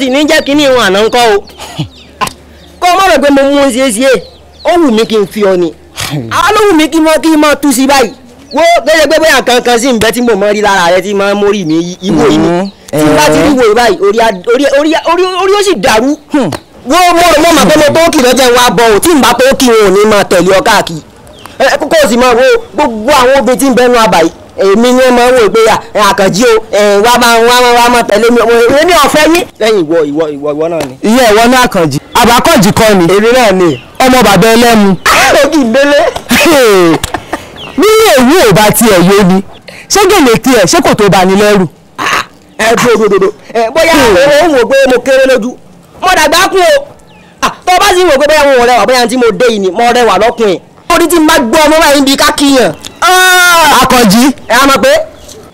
sì ní jẹ́ kínní ìwọ̀n àná ńkọ́ o kó o má rò pé mo mú un ṣe é ṣe é ó wù mí kí n fi ọ ni àwọn ló wù mí kí n mọ tú sí báyìí wo gẹ́gẹ́ pé bóyá kankan sí nbẹ tí mo mọ rí lára rẹ tí mo mórí mi ìwò yìí mm-hmm. tí bá ti rí wò báyìí orí orí orí orí ó sì dàrú hmm. wo mo rò mọ́ màá pé mo tó kì lọ́jọ́ wa bọ̀ ò tí n bá tó kì wọn ò ní máa tẹ̀lé ọ káàkiri kókó sì máa wo gbogbo àwọn obìnrin tí ń bẹnu àbàyí èmi ni mo wò pé àkànjí o wá máa wá máa wá máa tẹ̀lé mi èmi ni ọ̀fẹ́ yín. lẹ́yìn ìwọ ìwọ ìwọ ìwọ náà ni. iye ìwọ náà àkànjí àbákànjí kọ́ ni. èmi náà ni. ọmọ bàbá ẹlẹ́mu. àrògì délé. ní èyí ò bá tiẹ̀ yé ni ṣé gèlè tiẹ̀ ṣé kò tó bá ni lẹ́rù. ẹ dúró dòdòdò bóyá òun wò pé mo kéré lójú mo dàgbà kú o tó bá sì wò pé bóyá mo rẹwà bóyá tí mo dé yìí ni mo rẹwà lọ́kùnrin. orí tí n bá gbọ́ ọmọ báyìí bí ká Ah! akọ̀jí. ẹ á mọ̀ pé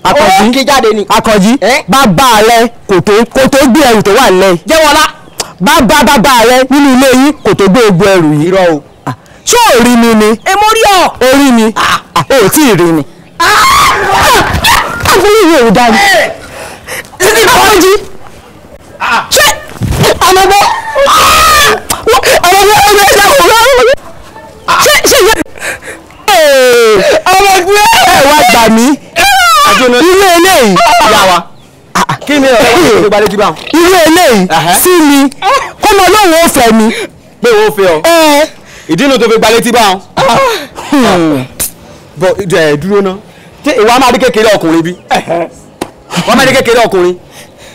akọ̀jí kí jáde ni. akọ̀jí bàbá rẹ kò tó kò tó gbé ẹrù tó wà nílẹ̀. jẹ́wọ́lá. bàbá bàbá rẹ nínú ilé yìí kò tó gbé egbò ẹrù yìí. irọ́ o. Ah, ṣé orí mi ni. ẹ mo rí ọ. orí mi ah. ò tí ì rí mi. àbúrò yìí ò dáa ni. akọ̀jí ṣé àmọ́gbọ́ ọmọ ọmọ ẹgbẹ́ ẹgbẹ́ ọmọ ṣé ṣé ìyá ọmọ gbé ẹ wá gbà mí ilé eléyìí yà wá ah, ah. kí ni ọ̀rẹ́ yìí ló balẹ̀ jùlọ. ilé eléyìí sí mi kọ́mọ lóun ò fẹ́ mi. pé òun ò fẹ́ ọ ìdí inú tó fi gbalẹ̀ tí bá wọn. Hmm. bọ dúró ná ṣé ìwà máa rí kékeré ọkùnrin bí wọ́n máa rí kékeré ọkùnrin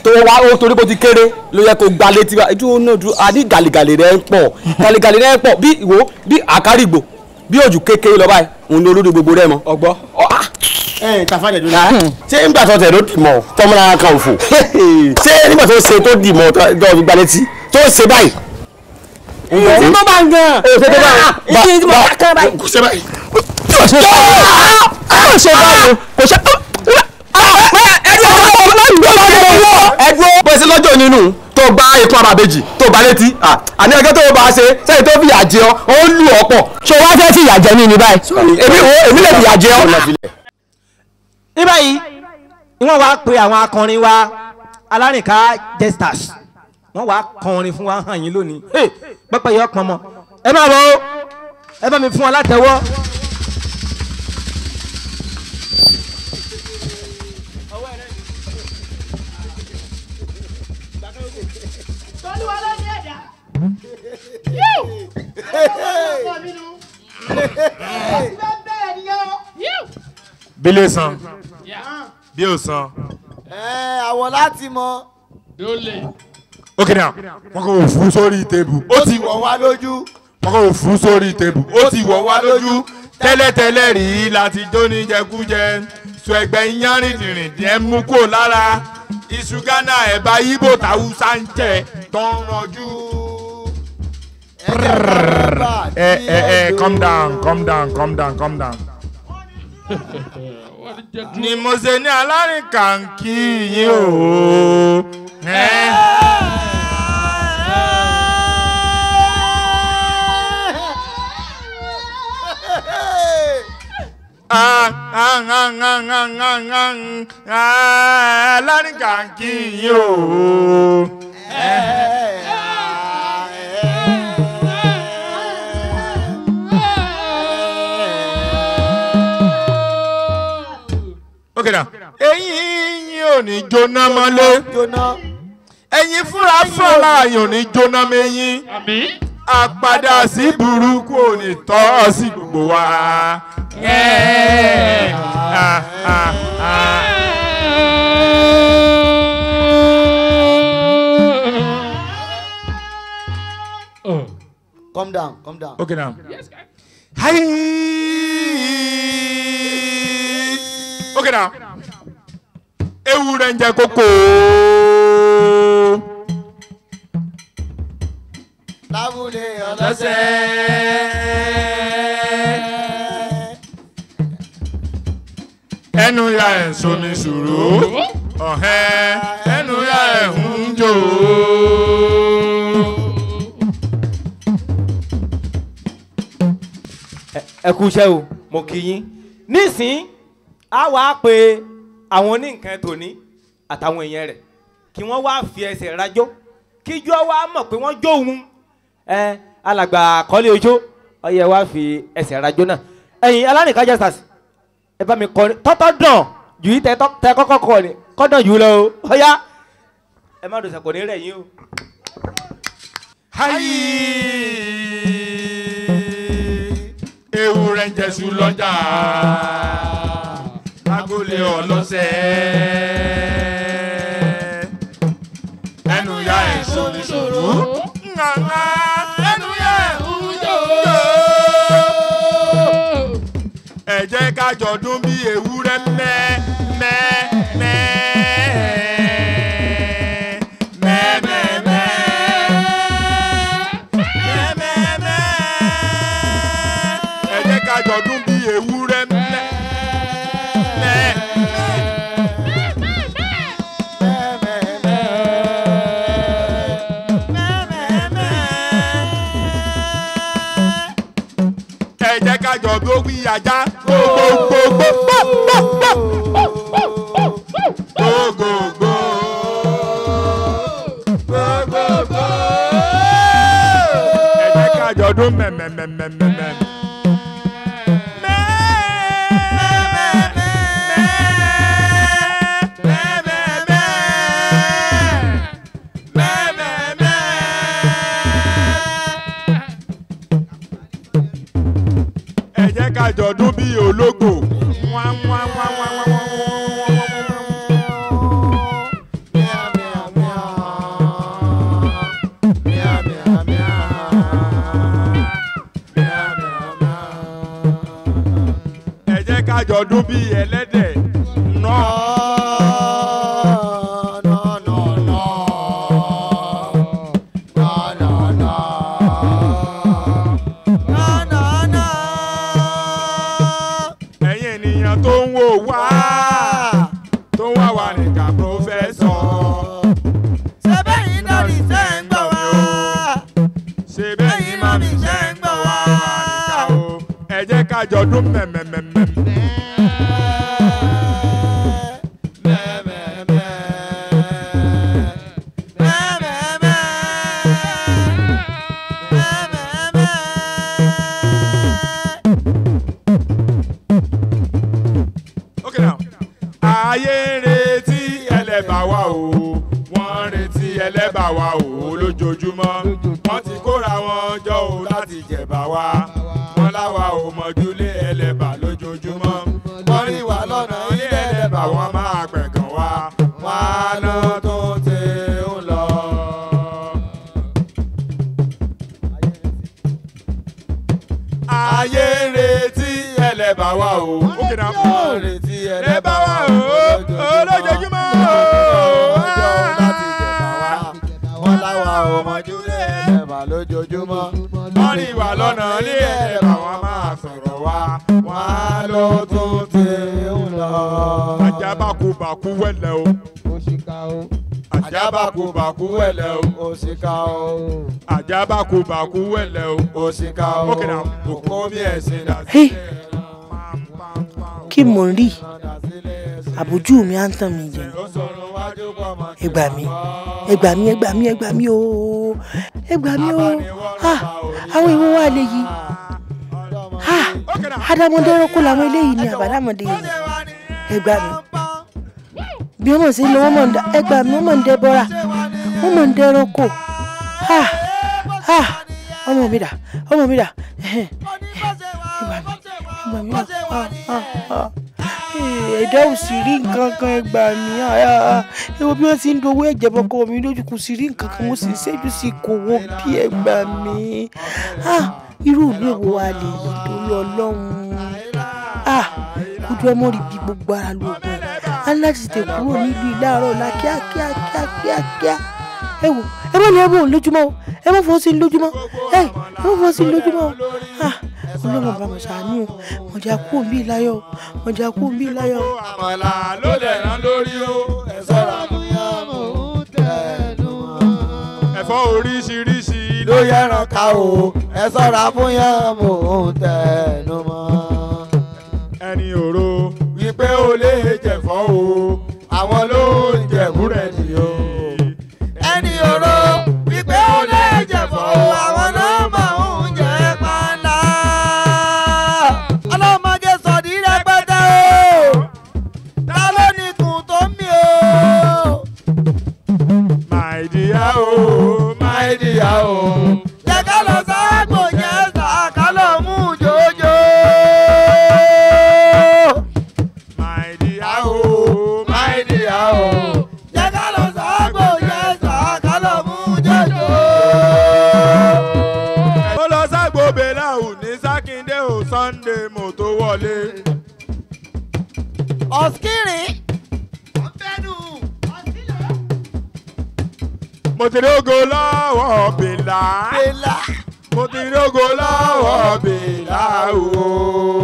tó wá ó torí kó ti kéré ló yẹ kó gbalẹ̀ tí bá dúró ná dúró àdí gàlìgàlì rẹ̀ ń pọ̀ hmm. gàlìgàlì rẹ̀ ń pọ̀ bí ìwò bí àkárìgbò bí òjò kékeré lọ báyìí òun ló lórí gbogbo rẹ mọ. ọgbọ ẹ tafa jẹjọ la. ṣé nígbà tó tẹ̀ ló dì mọ́ tọ́mọ́lára kan fò ṣé nígbà tó ṣe tó dì mọ́ tó fi gbalẹ̀ tí tó ṣe báyìí. èyí tí mo bá ń gan. èyí tí mo bá ń gan. èyí tí mo bá ń gan báyìí. kò ṣe báyìí. kò ṣe báyìí. kò ṣe báyìí. ẹ̀dùn ọ̀gbọ̀n ló ń gbọ́ lọ́dọ̀ wọ̀. ẹ̀dùn bó ṣe lọ́jọ́ nínú tó gbá ikú àbàbèjì tó bá létí àní ẹgbẹ́ tó bá ṣe sẹ́yìn tó fìyà jẹ ọ́ ó lù ọ́ pọ̀. ṣé wàá fẹ́ fìyà jẹ ní ní báyìí. èmi lè fìyà jẹ ọ́. ní báyìí wọ́n wá pe àwọn akọrin wa alárìnká jesters wọ́n wá kọrin fún wa hàn yín lónìí pẹ́pẹ́ yọ pọnmọ ẹ má bọ̀ ẹ bá mi fún ọ látẹ̀wọ́. bílẹ̀ san bí o san. àwọ̀ láti mọ. ok now wọn kò fún sórí tèbù. ó ti wọ̀ wá lójú. wọn kò fún sórí tèbù. ó ti wọ̀ wá lójú. tẹ́lẹ̀tẹ́lẹ̀ rí láti jóni jẹkújẹ sọ ẹgbẹ́ yánrìndìrìn ẹ mú kó lára iṣu ghana ẹ̀bá ibo tàwùsá ń jẹ tó ń Hey, hey, hey, Come down, come down, come down, come down. Ni mo ṣe ní alárin kàǹkì yín o. Eh. Ah, ah, ah, alárin kàǹkì yín o. Eh. okay now eyín yín ò ní jóná mọ́lé ẹ̀yin fúnra fúnra yín ò ní jóná mẹ́yìn àpàdà sí burúkú ò ní tọ́ sí gbogbo wa. Calm down, calm down. Okay now. Yes, guys. Hi ok now ewúrẹ́ ń jẹ kókó. lábúlé ọlọ́sẹ̀. ẹnu ya ẹ̀ sọmi sùúrù ọ̀hẹ́ ẹnu ya ẹ̀ ń jò ó. ẹ kú iṣẹ́ o mo kí yín nísìnyí á wàá pe àwọn oníǹkan tòní àtàwọn èèyàn rẹ̀ kí wọ́n wá fi ẹsẹ̀ rajó kíjọ́ wa mọ̀ pé wọ́n jó òun ẹ alàgbà àkọ́lé ojó ọyẹ wa fi ẹsẹ̀ rajó náà ẹ̀yin alánìkájà stars ẹ bá mi kọ ni tọ́tọ́ dàn jù yí tẹ kọ́kọ́ kọ ni kọ́dàn jù lọ o ọ̀yá ẹ má dòṣà kò ní yín o. hayi ewúrẹ́ jẹ̀sùn lọ́jà agboolé ọlọ́sẹ̀. ẹnu ya ẹ̀ sọ̀rọ̀sọ̀rọ̀. ńláńlá ẹnu ya ẹ̀ wújọ. ẹ jẹ́ ká jọdún bí ewúrẹ́ mẹ́ mẹ́ mẹ́. I got dum kájọ bí ó wí ajá gbogbogbò gbogbogbò. ẹ jẹ́ kájọ dún mẹ́mẹ́mẹ́mẹ́mẹ́. ṣàjọ̀dún bíi ológo. ẹ jẹ́ ká jọdún bíi ẹlẹ́dẹ̀. àjọ̀dún mẹ̀mẹ́. baku baku wẹlẹ o. òsìkà o òkò bí ẹsìn dà sílẹ̀. kí mo rí àbójú mi á ń tàn mí jẹ ẹ gbà mí ẹ gbà mí ẹ gbà mí ẹ gbà mí ooo ẹ gbà mí ooo ah, àwọn ìwọ wa lè yí adamọdẹrọkọ ah, làwọn eléyìí ni àbádàmọdé yìí ẹ gbà bí wọn mọ sí wọn mọ ẹ gbà wọn mọ ń dẹ wọn mọ ń dẹrọkọ ọmọ mi dà ọmọ mi dà nǹkan kan ẹgbà mí ah, ah, ah. ẹwọ bí wọ́n ti ń dowó ẹ̀jẹ̀ bọ́kọ mi lójú kù sí nǹkan kan mo sì ń sí kò wo bí ẹgbà mí irú ìlú èwo wa lè yí torí ọlọ́run kójú ọmọ rí bí gbogbo ara lóògùn aláti tètè kúrò nílùú ìlàrọ̀ ọ̀la kíákíákíákíá ẹ wò ẹ bá ní ẹ bò lójúmọ́ o ẹ má fọwọ́ sí i lójúmọ́ ẹ má fọwọ́ sí i lójúmọ́ ọlọ́mọ bàbá ṣàánú mọ̀jà kú òbí láyọ̀ mọ̀jà kú òbí láyọ̀. àmàlà ló dẹ̀ rán lórí o ẹ sọ́ra mò ń tẹnu wọn. ẹ̀fọ́ oríṣiríṣi ló yẹran ká o ẹ sọ́ra bóyá mò ń tẹnu mọ́. ẹni òro wípé o lè jẹ̀fọ́ o àwọn ló. ti rógo lọ́wọ́ bèlà mo ti rógo lọ́wọ́ bèlà o.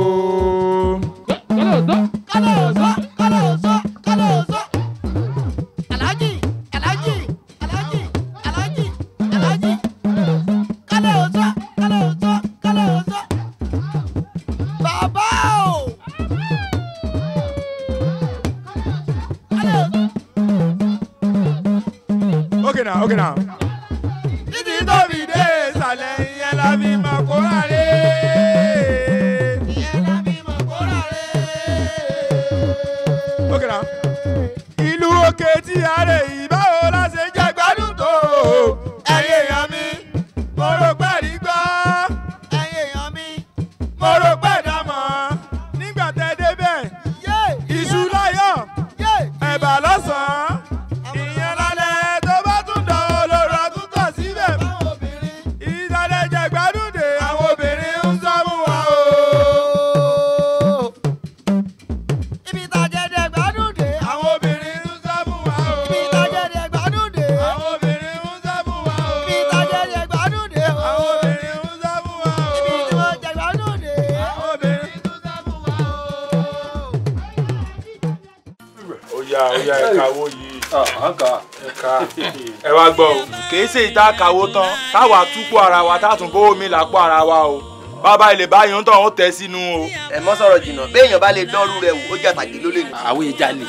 ṣe ìta kàwó tán káwa túpọ̀ ara wa tátùn kó omi làpọ̀ ara wa o bàbá ilé báyìí ń tàn ó tẹ̀ sínú o. ẹ mọ sọ̀rọ̀ jìnnà béèyàn bá lè dánrú rẹ̀ wò ó jà tàgé ló lè ní. àwọn èèyàn jalè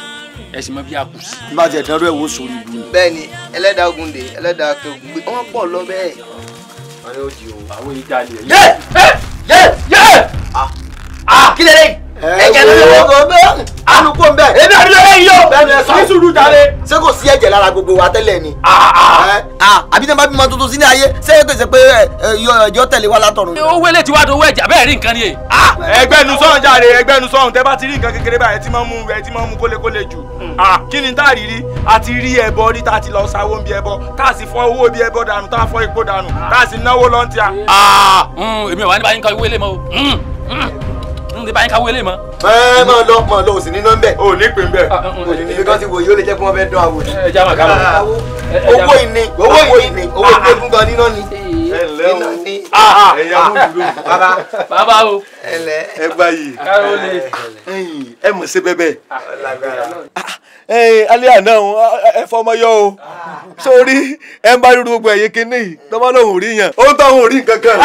ẹ sì mọ bí a kù sí. n bá tiẹ̀ dánrú ẹ̀ wò ó sórí ibu. bẹ́ẹ̀ni ẹlẹ́dàá ogun dè ẹlẹ́dàá kẹgùn gbé wọn pọ̀ lọ bẹ́ẹ̀. àwọn èèyàn jalè. yé yé yé. ah ah kí lè lè ẹ̀jẹ̀ ló yẹ kó gbé alùpùpù ń bẹ. èmi àdúrà yẹn yọ ní sùúrù jáde. ṣé kò sí ẹ̀jẹ̀ lára gbogbo wa tẹ́lẹ̀ ni. Ah, ah. Ah, àbí tí wọ́n bá bímọ tuntun sílé ayé ṣé é pèsè pé ẹ̀jọ́ tẹ̀lé wa látọ̀run. ó wẹ́lẹ̀ tí wàá dọ̀wọ́ ẹ̀jẹ̀ bẹ́ẹ̀ rí nǹkan ni. ẹgbẹ́ nu sọ̀rọ̀ jáde ẹgbẹ́ nu sọ̀rọ̀ tẹ́ bá ti rí nǹkan kékeré báyìí tí máa mú ẹ tí máa mú n ti bá yín káwé lè mọ. ẹ máa lọ máa lọ òsì nínú bẹ ò ní pè bẹ òní níbi kan ti wò yóò lè jẹ kí wọn fẹ dán àwò ni. ẹ já ma owó ìní owó ìní owó ah, ah. ìgbégún gan níná ni. ẹ ǹlẹ́ o ah, ẹ̀yà múlùú bàbá. bàbá o ẹ gbà yìí ẹ mọ̀ sí bẹ́ẹ̀ bẹ́ẹ̀ alẹ́ àná ẹ fọmọ yọ o sórí ẹ ń bá rírun gbogbo ẹ̀yìn kínní tọ́mọ́ lòun ò rí yàn ó ń tọ́ òun ò rí nǹkan kan.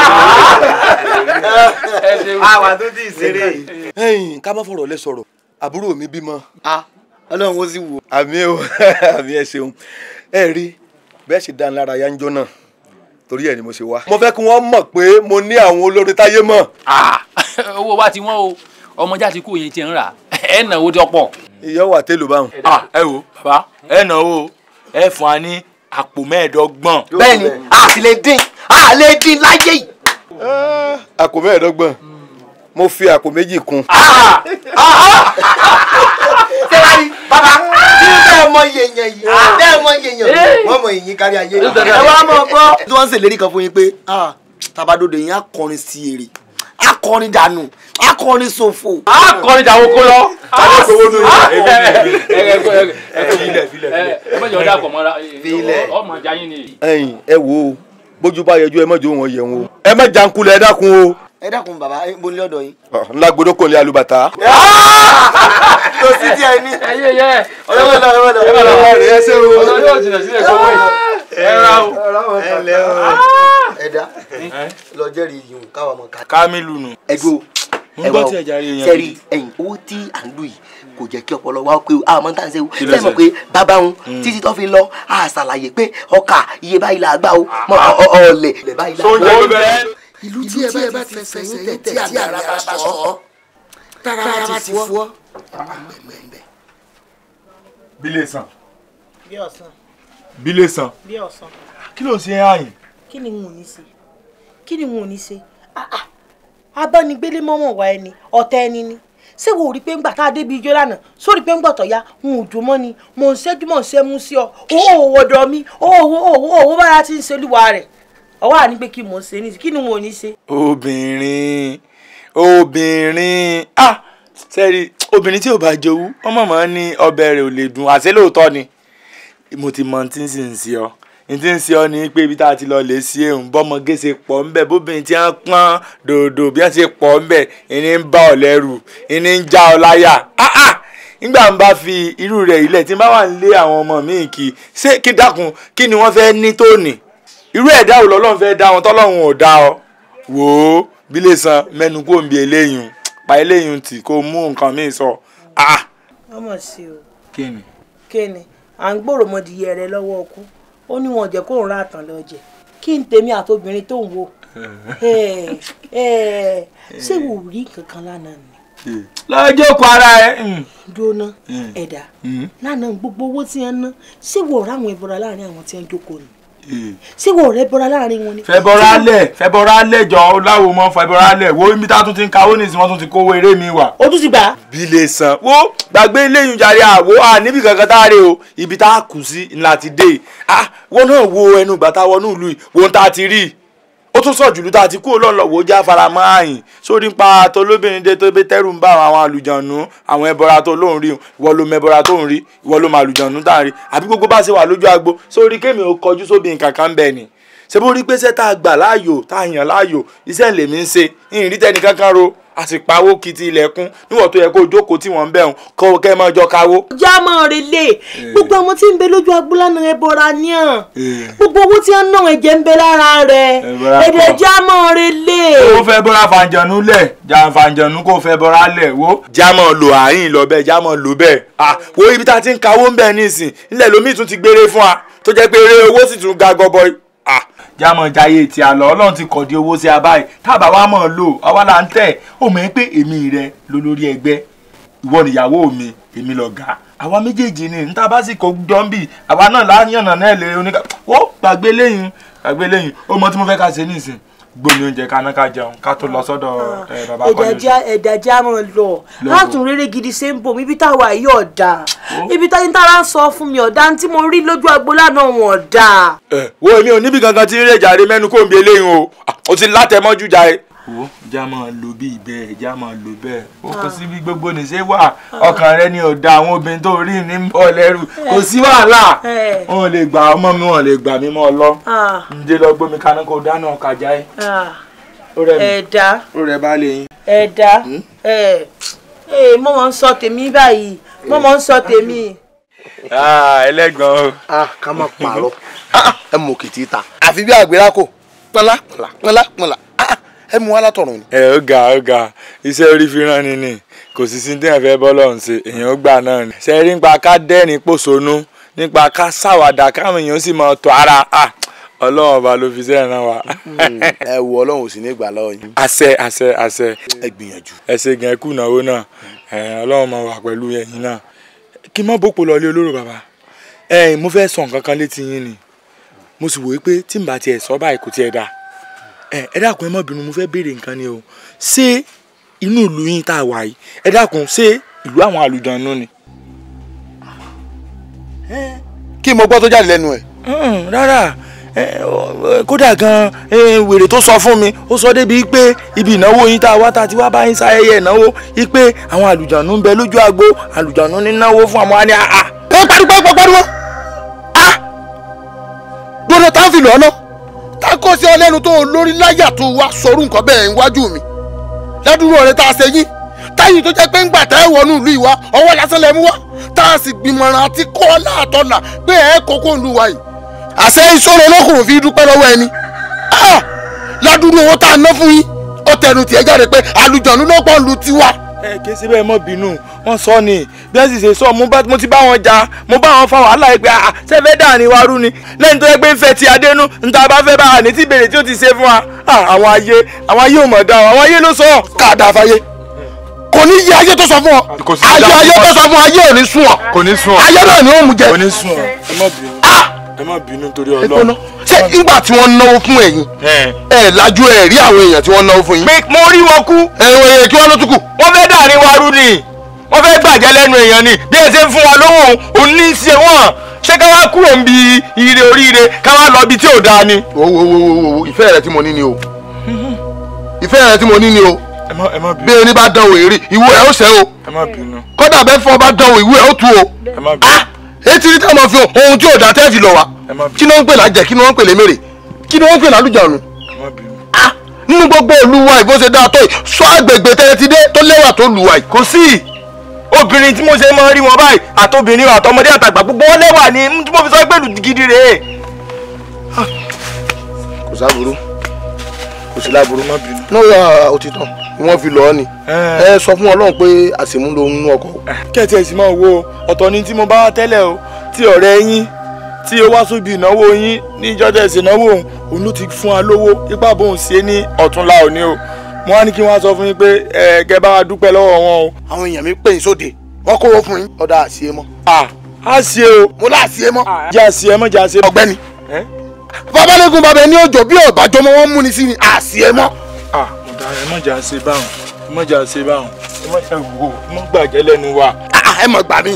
àwa tó ti ṣeré. ká má fọ̀rọ̀ lẹ sọ̀rọ̀ àbúrò mi bímọ. ọlọ́run ó sì wò. àmì ẹ àmì ẹ ṣeun ẹ rí bẹ́ẹ̀ ṣe dánilárayá ń jọ torí ẹ ni mo ṣe wá. mo fẹ́ kí wọ́n mọ̀ pé mo ní àwọn olórí táyé mọ̀. owó wa ti wọ́n o ọmọjà ti kú yẹn ti ń rà ẹ̀ náà ti ọ̀pọ̀ ìyá wà tẹ́lò báwọn. Ah, ẹ wo bàbá ẹ náwó ẹ fún wa ní àpò mẹ́ẹ̀ẹ́dọ́gbọ̀n. bẹ́ẹ̀ni a lè dín a lè dín láyé yìí. Ah, àpò mẹ́ẹ̀ẹ́dọ́gbọ̀n mo fi àpò méjì kún. Ah, ṣé wàá rí bàbá bí bẹ́ẹ̀ mọ yèèyàn yìí bẹ́ẹ̀ mọ yèèyàn eh. wọ́n mọ èyí kárí ayé. ẹ wá mọ̀ gbọ́. tí wọ́n ń ṣèlérí kan fún yín pé tàbádọ́dọ̀ yín á kọrin sí èrè akọrin dànù akọrin ṣòfò. akọrin dànù kó lọ. tàbí gbowó lórí rẹ filẹ filẹ filẹ. ẹ mọ̀jọ ọ̀dà pọ̀ mọ́ra ọmọ ìjà yín ni. ẹ̀yin ẹ wo bójú bá yẹjú ẹ mọ̀jọ wọn yẹ wọn o. ẹ má jankulẹ̀ ẹ dákun o. ẹ dákun bàbá mo ní ọ̀dọ̀ yín. ńlá gbọdọ̀ kò ní alùbàtà. tó sì díẹ̀ ní. ẹ yé yẹ ọlọ́wọ́ lọ́wọ́ lọ́wọ́ rẹ̀ ẹ ṣe wo. ọlọ́wọ́ jìnnà sílẹ̀ kọ́wọ́ yìí. ẹ ra o ẹ lẹ́ o. Ah! ẹ̀dá eh? lọ jẹ́rìí yìí káwa mọ̀ ká. Kamilu nù. ẹ̀dùn ẹ wá o sẹ́rí ẹ̀yìn owó tí à ń lù yìí kò jẹ́ kí ọpọlọ wa pé a mọ̀ tá o ṣe mọ̀ pé bàbá òun hmm. títí tó fi lọ a ṣàlàyé pé ọkà iye báyìí là á gbà o mọ ah. ọ̀ọ̀lẹ̀ báyìí là á gbà o. ìlú tí ẹ bá ti fẹsẹ̀ yín tẹ̀ tí àgbà bá bílẹ̀ sàn. bílẹ̀ sàn. kí ló ń ṣe àyìn kí ni wọn ò ní ṣe kí ni wọn ò ní ṣe ah, ah, abánigbélé mọ́mọ́ wa ẹni ọ̀tá ẹni ni ṣé wo rí pé ń gbà tá a débi ijó lánàá sórí pé ń gbọ̀tọ̀ ya n ò dùn mọ́ ni mò ń ṣẹ́jú mò ń ṣe mú sí ọ owó òwò ọ̀dọ̀ mi owó owó owó bára ti ń ṣe olúwa rẹ̀ ọwọ́ àní pé kí mò ń ṣe ní kí ni wọn ò ní ṣe. obìnrin obìnrin ah sẹ́ẹ̀rì obìnrin tí ò bá jowú ọmọ màá ní ọbẹ̀ rẹ̀ ò lè dùn àṣẹ lóòótọ́ ni mo ti mọ tí ń sìn sí ọ n ti ń ṣe ọ ní pé ibi tá a ti lọ lè ṣe ń bọ́mọgé ṣe pọ̀ ń bẹ̀ bóbìnrin tí wọ́n pọ́n dòdò bí wọ́n ṣe pọ̀ ń bẹ̀ ìní ń bá ọ lẹ́rù ìní ń já ọ láyà ah, ah! nígbà ń bá fi irú rẹ̀ ilẹ̀ tí bá wà ń lé àwọn ọmọ míì kì í ṣé kí dákun kí ni wọ́n fẹ́ ní tóní irú ẹ̀dá wo lọ́lọ́run fẹ́ dá wọn tọ́lọ́run ò dá ọ wò ó bílẹ̀ san mẹ́nu kó ń bi eléyìí pa eléyìí tì kó mú nǹkan míì sọ. Ah, ọmọ sí o kí ni kí ni à ń gbòòrò mọdìyẹ rẹ lọ́wọ́ ọkú ó ní wọn jẹ kó ń ra àtàn lọ jẹ kí n tèmi àtobìnrin tó ń wo ṣé wò rí kankan lánàá ni. lọ́jọ́ kọ ara ẹ. dúró hmm. ná hmm. ẹ̀dá hmm. lánàá gbogbo owó tí wọ́n ná ṣé wò ráwọn ìbúra láàrin àwọn tí wọ́n jókòó ni ṣé wo ọ̀rẹ́ bọra láàrin wọn ni. fẹbọra lẹ fẹbọra lẹ jọ láwo mọ fẹbọra lẹ wo ibi tá a tún ti ń kawó ní ìsìn wọn tún ti kówó eré mi wà. o tún ti gbà. bí lè san wo gbàgbé lẹ́yìn jàre àwo à níbi kankan tá a rè o ibi tá a kù sí ńlá ti dé ah wọn náà wo ẹnu bàtà wọnú ìlú yìí wọn tá a ti rí i ó tún sọ jùlọ tá a ti kúrò lọ́lọ́wọ́ já faramọ́ àyìn sórí ń pa tó lóbìnrin dé tó bẹ tẹ́rù ń bá àwọn àlùjọ̀nù àwọn ẹbọra tó lóun rí ìwọ ló mẹbọra tó ń rí ìwọ ló mọ àlùjọ̀nù tá à ń rí àbí gbogbo bá ṣe wà lójú agbo sórí kémi ò kọjú sóbì nǹkan kan bẹ́ẹ̀ ni ṣé bó rí pé iṣẹ́ tá a gbà láàyò tá a yàn láàyò iṣẹ́ lèmi ń ṣe ìrìn tẹnìkan kan ro a sì pawó kìtì ilẹ̀kùn níwọ̀n tó yẹ kó jókòó tí wọ́n ń bẹ̀rùn kọ́ kẹ́ mọ́ ọjọ́ káwó. ìjọ eh. ọmọ rẹ lè gbogbo àwọn tí ń bẹ lójú agbólánu rẹ bọra níyàn eh. gbogbo owó tí wọn ń náà ẹ̀jẹ̀ ń bẹ lára rẹ èdè ìjọ ọmọ rẹ lè. owó fẹ́ bọ́ra fàǹjànú lẹ̀ jàǹfàǹjànú kò fẹ́ bọ́ra lẹ̀ wó. jámọ̀ lò àárín lọ bẹ́ẹ̀ jámọ̀ lò bẹ́ẹ̀ wo ibi tá a ti ń kawó ń bẹ̀ nísìn ilẹ̀ lomi tún ti gbére fún wa tó jẹ́ pé eré owó sì tún ga gọbọi jámọ̀ jayé ti àlọ́ ọlọ́run ti kọ̀dí owó sí abáyé tábà wa mọ̀ lò àwa là ń tẹ̀ ó mọ̀ pé èmi rẹ lólórí ẹgbẹ́ ìwọ nìyàwó mi èmi lọ̀gá àwa méjèèjì ni níta bá sì kó dọ́ńbì àwa náà láyànnà náà lè oníkà ó gbàgbé lẹ́yìn gbàgbé lẹ́yìn ó mọ tí mo fẹ́ ká ṣe nísìnyí gbómi oúnjẹ kaná ká jẹun ká tó lọ sọ́dọ̀ ah, eh, bàbá kọ́lé ojú. ẹ̀dàjẹ́ a máa lọ látún rere gidi ṣe ń bò mí ibi táwa yìí ọ̀dà oh. ibi táyé tára ń sọ fún mi ọ̀dà tí mo rí lójú agbo lánàá wọn ọ̀dà. ẹ eh, wo èmi ò níbi gangan tí ń rèjà rí mẹ́nu kó ń bi eléyìí o ó ah, ti látẹ̀mọ́jú jáde wo já máa lo bí ìbẹ́ já máa lo bẹ́ẹ̀ ó kò ah. sí bí gbogbo nìṣe wà ah. ọkàn rẹ ni ọ̀dà àwọn obìnrin tó rí ní ń bọ̀ lẹ́rù eh. kò sí wàhálà eh. wọn ò lè gbà ọmọ mi wọn ò lè gbà mí mọ́ ọ lọ ah. ǹjẹ́ lọ gbómi kaná kó dáná ọkà já ẹ. ẹ̀dá ó rẹ̀ bá lè yín. ẹ̀dá ẹ̀ hmm? eh. mo máa ń sọ tèmi báyìí mo máa ń sọ tèmi. ẹlẹ́gbọ̀n o. ká má pààrọ̀ ẹ mọ̀ òkìtì ta àfi bí àgbérákò pọ́nlá pọ́nlá pọ́nlá pọ́nlá ẹ wa látọ̀run ni. ẹ ó ga ó ga iṣẹ́ orí ni ni kò sì sí fẹ́ bọ́lọ̀ ń ṣe èèyàn gbà náà ni. ṣe nípa ká dẹ́rìn pòṣónú nípa ká ṣàwàdà káwọn sì máa tọ́ ara ọlọ́run ọba ló fi sẹ́yìn wá. Hmm, ẹ wo ọlọ́run ò ní lọ́wọ́ yín. àṣẹ àṣẹ àṣẹ. ẹ gbìyànjú. ẹ ṣe náà ọlọ́run wà pẹ̀lú náà. kí n ẹ eh, ẹ dákun ẹ má bínú mo fẹ́ béèrè nǹkan ni o ṣé inú ìlú yín tá a wà yìí ẹ dákun ṣé ìlú àwọn àlùjọ̀nnú ni. kí mo gbọ́ tó jáde lẹ́nu ẹ̀. Hmm, rárá eh, kódà gan eh, wèrè tó sọ fún mi ó sọ débi pé ibi ìnáwó yín tá a wá tá a ti wá bá yín ṣayẹyẹ ìnáwó yìí pé àwọn àlùjọ̀nnú ń bẹ lójú agbo àlùjọ̀nnú ní náwó fún àwọn àní àà. Ah, ah. ẹ pariwo pariwo pariwo ah! a gbọ́dọ̀ tá a fi lọ náà takọ́sí ọlẹ́nu tó lórí láyà tó wá sọ̀rọ̀ nǹkan bẹ́ẹ̀ níwájú mi ládùúrò rẹ tá a ṣe yín táyì tó jẹ́ pé ń gbà tẹ́ ẹ̀ wọnú ìlú ìwá ọwọ́ lásán lẹ mú wá tá a sì gbìmọ̀ràn àti kọ́ láàtọ̀là pé ẹ̀ kókó ìlú wa yìí àṣẹ ìṣòro olókùnrin fi dúpẹ́ lọ́wọ́ ẹni ah! ládùúrò owó tá a ná fún yín ó tẹnu tiẹ̀ jáde pé àlùjọ̀nù ló pọ̀ lu tiwa ẹ kì í ṣe bẹ́ẹ̀ mọ́ bínú wọ́n sọ ni bẹ́ẹ̀ sì ṣe sọ mo ti bá wọn jà mo bá wọn fa wàhálà ẹgbẹ́ àà ah, ah, ṣẹ́fẹ́ dàrin wa rú ni lẹ́yìn tó yẹ pé ń fẹ́ ti adénú níta bá fẹ́ bá àní tí béèrè tí ó ti ṣe fún wa ah, àwọn ayé àwọn ayé ò mọ̀ dá àwọn ayé ló sọ káàdà fàyè kò ní yí ayé tó sọ fún ọ ayé ayé tó sọ fún ayé ò ní sún ọ ayé náà ni ó mú jẹ. kò ní sún ọ ẹ má bínú ẹ má bínú torí Ọlọ́run. ṣé nígbà tí wọ́n náwó fún ẹ̀yin ẹ lajú ẹ rí àwọn èèyàn tí wọ́n náwó fún yín. pé mo rí wọn kú. ẹ̀wọ̀n èèyàn kí wọ́n ló tún kù. wọ́n fẹ́ dàrin wa rú ni wọ́n fẹ́ gbàjẹ́ lẹ́nu èèyàn ni bí ẹ ṣe ń fún wa lówó òun ní í ṣe wọ́n ṣé ká wá kúrò ń bi ire oríire ká wá lọ ibi tí ò dáa ni. wo wo wo wo ìfẹ́ rẹ tí mo ní ni o ìfẹ́ rẹ tí mo ní ni o bí ẹni bá dánwò èrè ìwé ẹ ó ṣẹ́ o kódà bẹ́ẹ̀ fọ́ bá dánwò ìwé ẹ ó tu o. Ah! etí rí táwọn fi ohun tí òdà tẹ́ fi lọ wa kí ni wọ́n ń pè lájẹ kí ni wọ́n ń pè lémèrè kí ni wọ́n ń pè lálùjọ̀nù. Ah! nínú gbogbo olúwa ìbò ṣe dáa tó yìí sọ àgbègbè tẹ́lẹ̀ ti dé tó lẹ́wà tó lùwà yìí. kò sí obìnrin tí mo ṣe máa rí wọn báyìí àtobìnrin àtọmọdé àtàgbà gbogbo wọn lẹ́wà ni tí mo fi sọ pé lù gidi rèé. Ah! kò sáburú kò sí láburú má bínú ni wọ́n fi lọ́ọ́ ni eh. ẹ sọ fún ọlọ́run pé àṣemú ló ń nú ọkọ̀. kẹ́tì ẹ̀sìn máa wo ọ̀tọ̀ ni tí mo bá wá tẹ́lẹ̀ o tí ọ̀rẹ́ yín tí o wá sóbi ìnáwó yín ní ìjọba ẹ̀sìn ìnáwó òun òun ló ti fún wa lówó ipá bóun ṣe ní ọ̀túnla òní o mo wá ní kí wọ́n sọ fún yín pé ẹ kẹ́ bá wa dúpẹ́ wọn o. àwọn èèyàn mi pè é sóde wọn kó owó fún yín. ọ̀dà àṣìyẹ mọ́. a ṣe o. mo lá àṣìyẹ mọ́. jẹ́ àṣìyẹ mọ́ jẹ́ àṣìyẹ mọ́. ọ̀gbẹ́ni babalẹ́gun babẹ ní ọjọ́ bí ọ̀bàjọ́mọ́ wọn múni sí ni àṣìyẹ mọ́ ẹ mọ̀ jà ṣe báwọn ẹ mọ̀ jà ṣe báwọn ẹ mọ̀ jà wò ẹ mọ̀ gbàjẹ́ lẹ́nu wa. ẹ mọ̀ gbà mí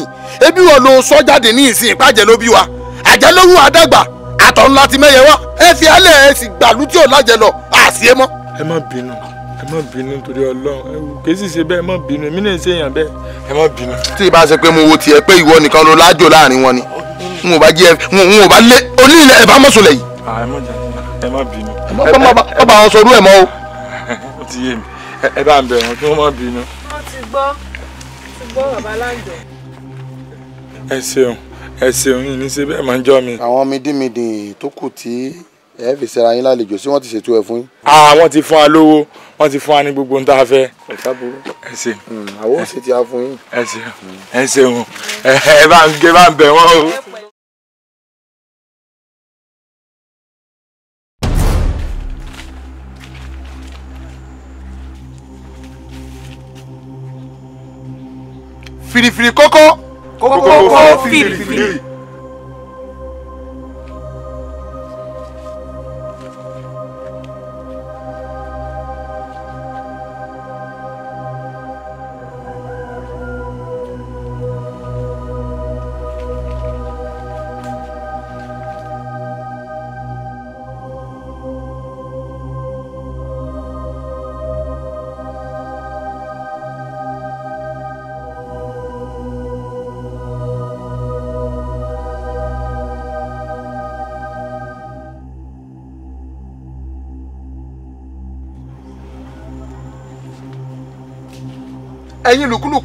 ebi wọn lo sọ jáde ní ìsìn ìpàjẹ́ ló bí wa àjẹ́ ló wù àdàgbà àtọ̀ ńlá ti mẹ́yẹ wá ẹ fi alẹ́ ẹ sì gbàlú tí ò lájẹ lọ àṣìẹ mọ́. ẹ má bínú ẹ má bínú torí Ọlọ́run ẹ wò kí sì ṣe bẹ́ẹ̀ ẹ má bínú èmi náà ṣe èèyàn bẹ́ẹ̀ ẹ má bínú. tí ì bá ṣe pé mo wo tiẹ̀ pé ìwọ nìkan ló lájò láàrin wọn ni n ò bá jẹ n ò bá lé onílẹ̀ ẹ̀ bá mọ̀sọ̀lẹ̀ yìí. ẹ má bínú. ọba àwọn sọ̀rọ̀ ẹ̀ mọ́ o ti yé mi ẹ bá ń bẹ̀ wọ́n kí wọ́n má bínú. wọ́n ti gbọ́ ti gbọ́ bàbá láǹjọ. ẹ ṣeun ẹ ṣeun yìí ní síbẹ̀ máa ń jọ mi. àwọn mídìmídì tó kù tí ẹ fi ṣe ara yín lálejò sí wọ́n ti ṣètò ẹ fún yín. àwọn ti fún wa lówó wọ́n ti fún wa ní gbogbo ohun tá a fẹ́. ẹ káàbọ̀ ẹ ṣeun. Hmm, àwọn ò sì ti a fún yín. ẹ ṣeun ẹ ṣeun ẹ bá ń bẹ̀ wọ́n o. fìrìfìrì kókó kókó kókó fìrìfìrì.